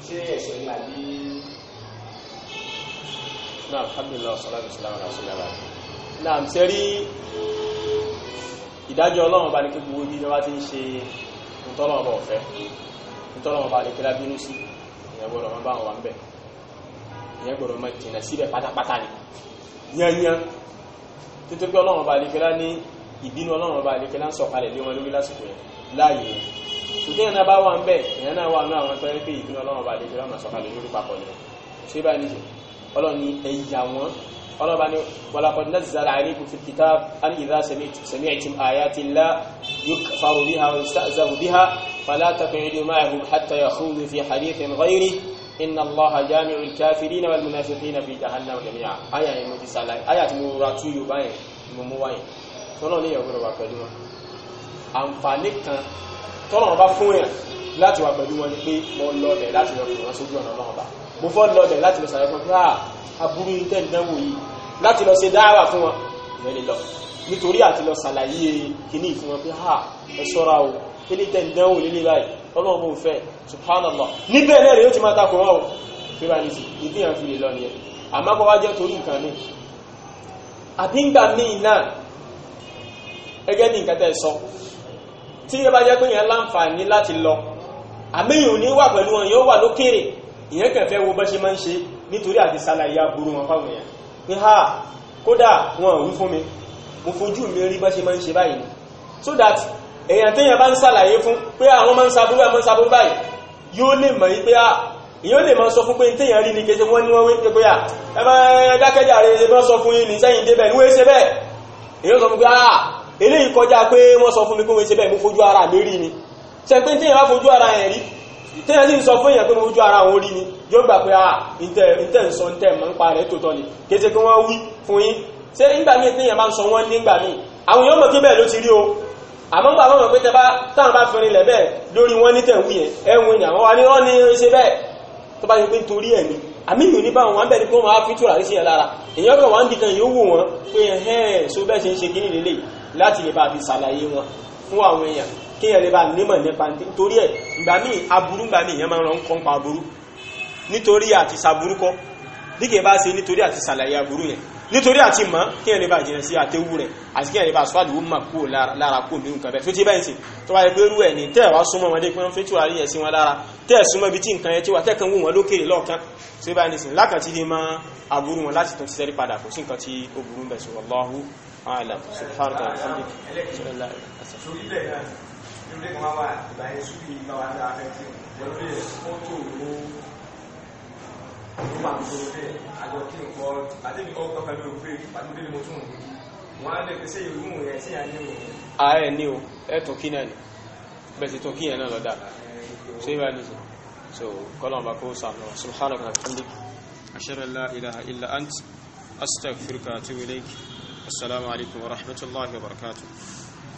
ṣé ẹ̀ṣẹ̀ ní àbí. náà alhamdulilayi wa salatu wa salam ala rasulillah naam sẹ́rí ìdájọ́ ọlọ́run bá ní kí gbogbo ibi ni wá ti ń ṣe ìtọ́lọ́run bá ọ̀fẹ́ ìtọ́lọ́run bá ní kí lábínú sí ìyẹn gbọ́dọ̀ máa bá wọn wà ń bẹ̀ ìyẹn gbọ́dọ̀ máa jìnà síbẹ̀ pátápátá ni yányán nítorí pé ọlọ́run bá ní kí lá ní ìbínú ọlọ́run bá ní kí lá ń sọ̀kalẹ̀ lé wọn lórí lásìkò yẹn láàyè ṣùgbọ́n ìyẹn náà bá wà ń bẹ̀ ìyẹn náà wà ní àwọn tó ń pè ìbínú ọlọ́run bá ní kí lá máa sọ̀kalẹ̀ lórí papọ̀ ni ṣé bá ní ọlọ́run ni ẹ̀yà wọn قالوا بني قد نزل عليكم في الكتاب أن إذا سمعتم, سمعتم آيات الله يكفر بها ويستأذر بها فلا تقعدوا معهم حتى يخوضوا في حديث غيره إن الله جامع الكافرين والمنافقين في جهنم جميعا آية مجسالة آية مراتوية باية مموية تنو لي يقول ربا كدوا أنفانك تنو ربا فويا لا تبا بدوا لكي مولو لا تبا بدوا سجوا نمو mo fọ́ lọ́dẹ̀ láti lọ sàrẹ́ fún ah aburú ní tẹ́ǹdẹ́wò yìí láti lọ ṣe dáhàwà fún wọn ìyẹn lè lọ nítorí àti lọ sàlàyé kìíní fún wọn pé ah ẹ sọ́ra o kíní tẹ́ǹdẹ́wò lílé báyìí ọlọ́run mò ń fẹ́ subhanallah níbẹ̀ náà rẹ̀ yóò ti máa takò wọn o pé bá ní sí ìdíyàn fi lè lọ nìyẹn àmọ́ bọ́ wá jẹ́ torí nǹkan mi àbí ńgbà míì náà gẹ́gẹ́ bí nǹkan tẹ́ sọ tí ẹ bá jẹ́ pé yẹn láǹfààní láti lọ àmì yìí ò ní wà pẹ̀lú wọn yóò wà lókèrè ìyẹn kẹfẹ́ wo bá ṣe máa ń ṣe nítorí àti sàlàyé aburú wọn fáwọn èèyàn pé ha kódà wọn ò wí fún mi mo fojú mi rí bá ṣe máa ń ṣe báyìí so that èèyàn téèyàn bá ń sàlàyé fún pé àwọn máa ń saburú àwọn máa ń saburú báyìí yóò lè mọ̀ yìí pé a èèyàn lè sọ fún pé téèyàn rí ní wọn wí ní wọ́n ṣe pé a eléyìí kọjá pé wọ́n sọ fún mi pé tẹ́yẹ sí ń sọ fún èèyàn pé mo ojú ara wọn rí ni yóò gbà pé ah ìtẹ́ ń sọ ń tẹ́ mọ́ ń pa rẹ̀ tó tọ́ ni kése kí wọ́n wí fún yín ṣé nígbà míì tẹ́yẹ máa ń sọ wọ́n nígbà míì àwọn èèyàn mọ̀ kí bẹ́ẹ̀ ló ti rí o àmọ́ gbà wọ́n mọ̀ pé tẹ́bá táwọn bá fẹ́rin lẹ̀ bẹ́ẹ̀ lórí wọ́n ní tẹ̀wú yẹn ẹ̀wọ̀n ni àwọn wa ní wọ́n ṣe bẹ́ẹ̀ tó bá ṣe pé nítorí ẹ̀ ni àmì ìlú ní báwọn wọn bẹ̀rẹ̀ pé wọ́n máa fi túrà sí ẹ̀ lára èèyàn kan wọ́n dìkan yóò wò wọ́n pé ẹ̀hẹ́n so bẹ́ẹ̀ ṣe ń ṣe kíní lélẹ̀ láti lè bá fi ṣàlàyé wọn fún àwọn èèyàn kéèyàn lè bá nímọ̀ nípa torí ẹ̀ ìgbà míì aburú ìgbà míì yẹn máa ń rán kọ́ pa aburú nítorí àti sàbúrú kọ́ bí kìí bá ṣe nítorí àti sàlàyé aburú yẹn nítorí àti mọ́ kéèyàn lè bá jìnà sí àtẹ́wù rẹ̀ àti kéèyàn lè bá sọ àdúgbò mà kú lára kó mi nǹkan bẹ́ẹ̀ tó ti báyìí sí tó pé irú ẹ̀ ní tẹ́ẹ̀ wá súnmọ́ wọn dé pé wọ́n fi tùwárí yẹn sí wọn lára tẹ́ẹ̀ súnmọ́ ibi tí nǹkan yẹn tí wà tẹ́ẹ̀kan wò wọn lókèrè lọ́ọ̀kan tó báyìí sí lákàtí lè máa aburú wọn láti tún ti sẹ́rí padà kò sí nǹkan tí ó bẹ̀ sọ wallahu a'lam lórí kan wá wà ìgbà yẹn sùn bí ìgbà wà ní afẹ́ tí wọ́n lè mọ́tò ló ló máa ń gbòòrò bẹ́ẹ̀ àjọ kí n ni mo tún wù wọ́n á lè pèsè ìlú mù ní òun. ààrẹ ni o ẹ tún kí náà ni bẹ́ẹ̀ sì tún kí yẹn náà lọ́dà ṣé bá ní so kọ́lọ́n bá kó sàmì wọn subhanaka wa hamdik ashhadu an la ilaha illa ant astaghfiruka wa atubu ilayk assalamu alaikum wa rahmatullahi wa barakatuh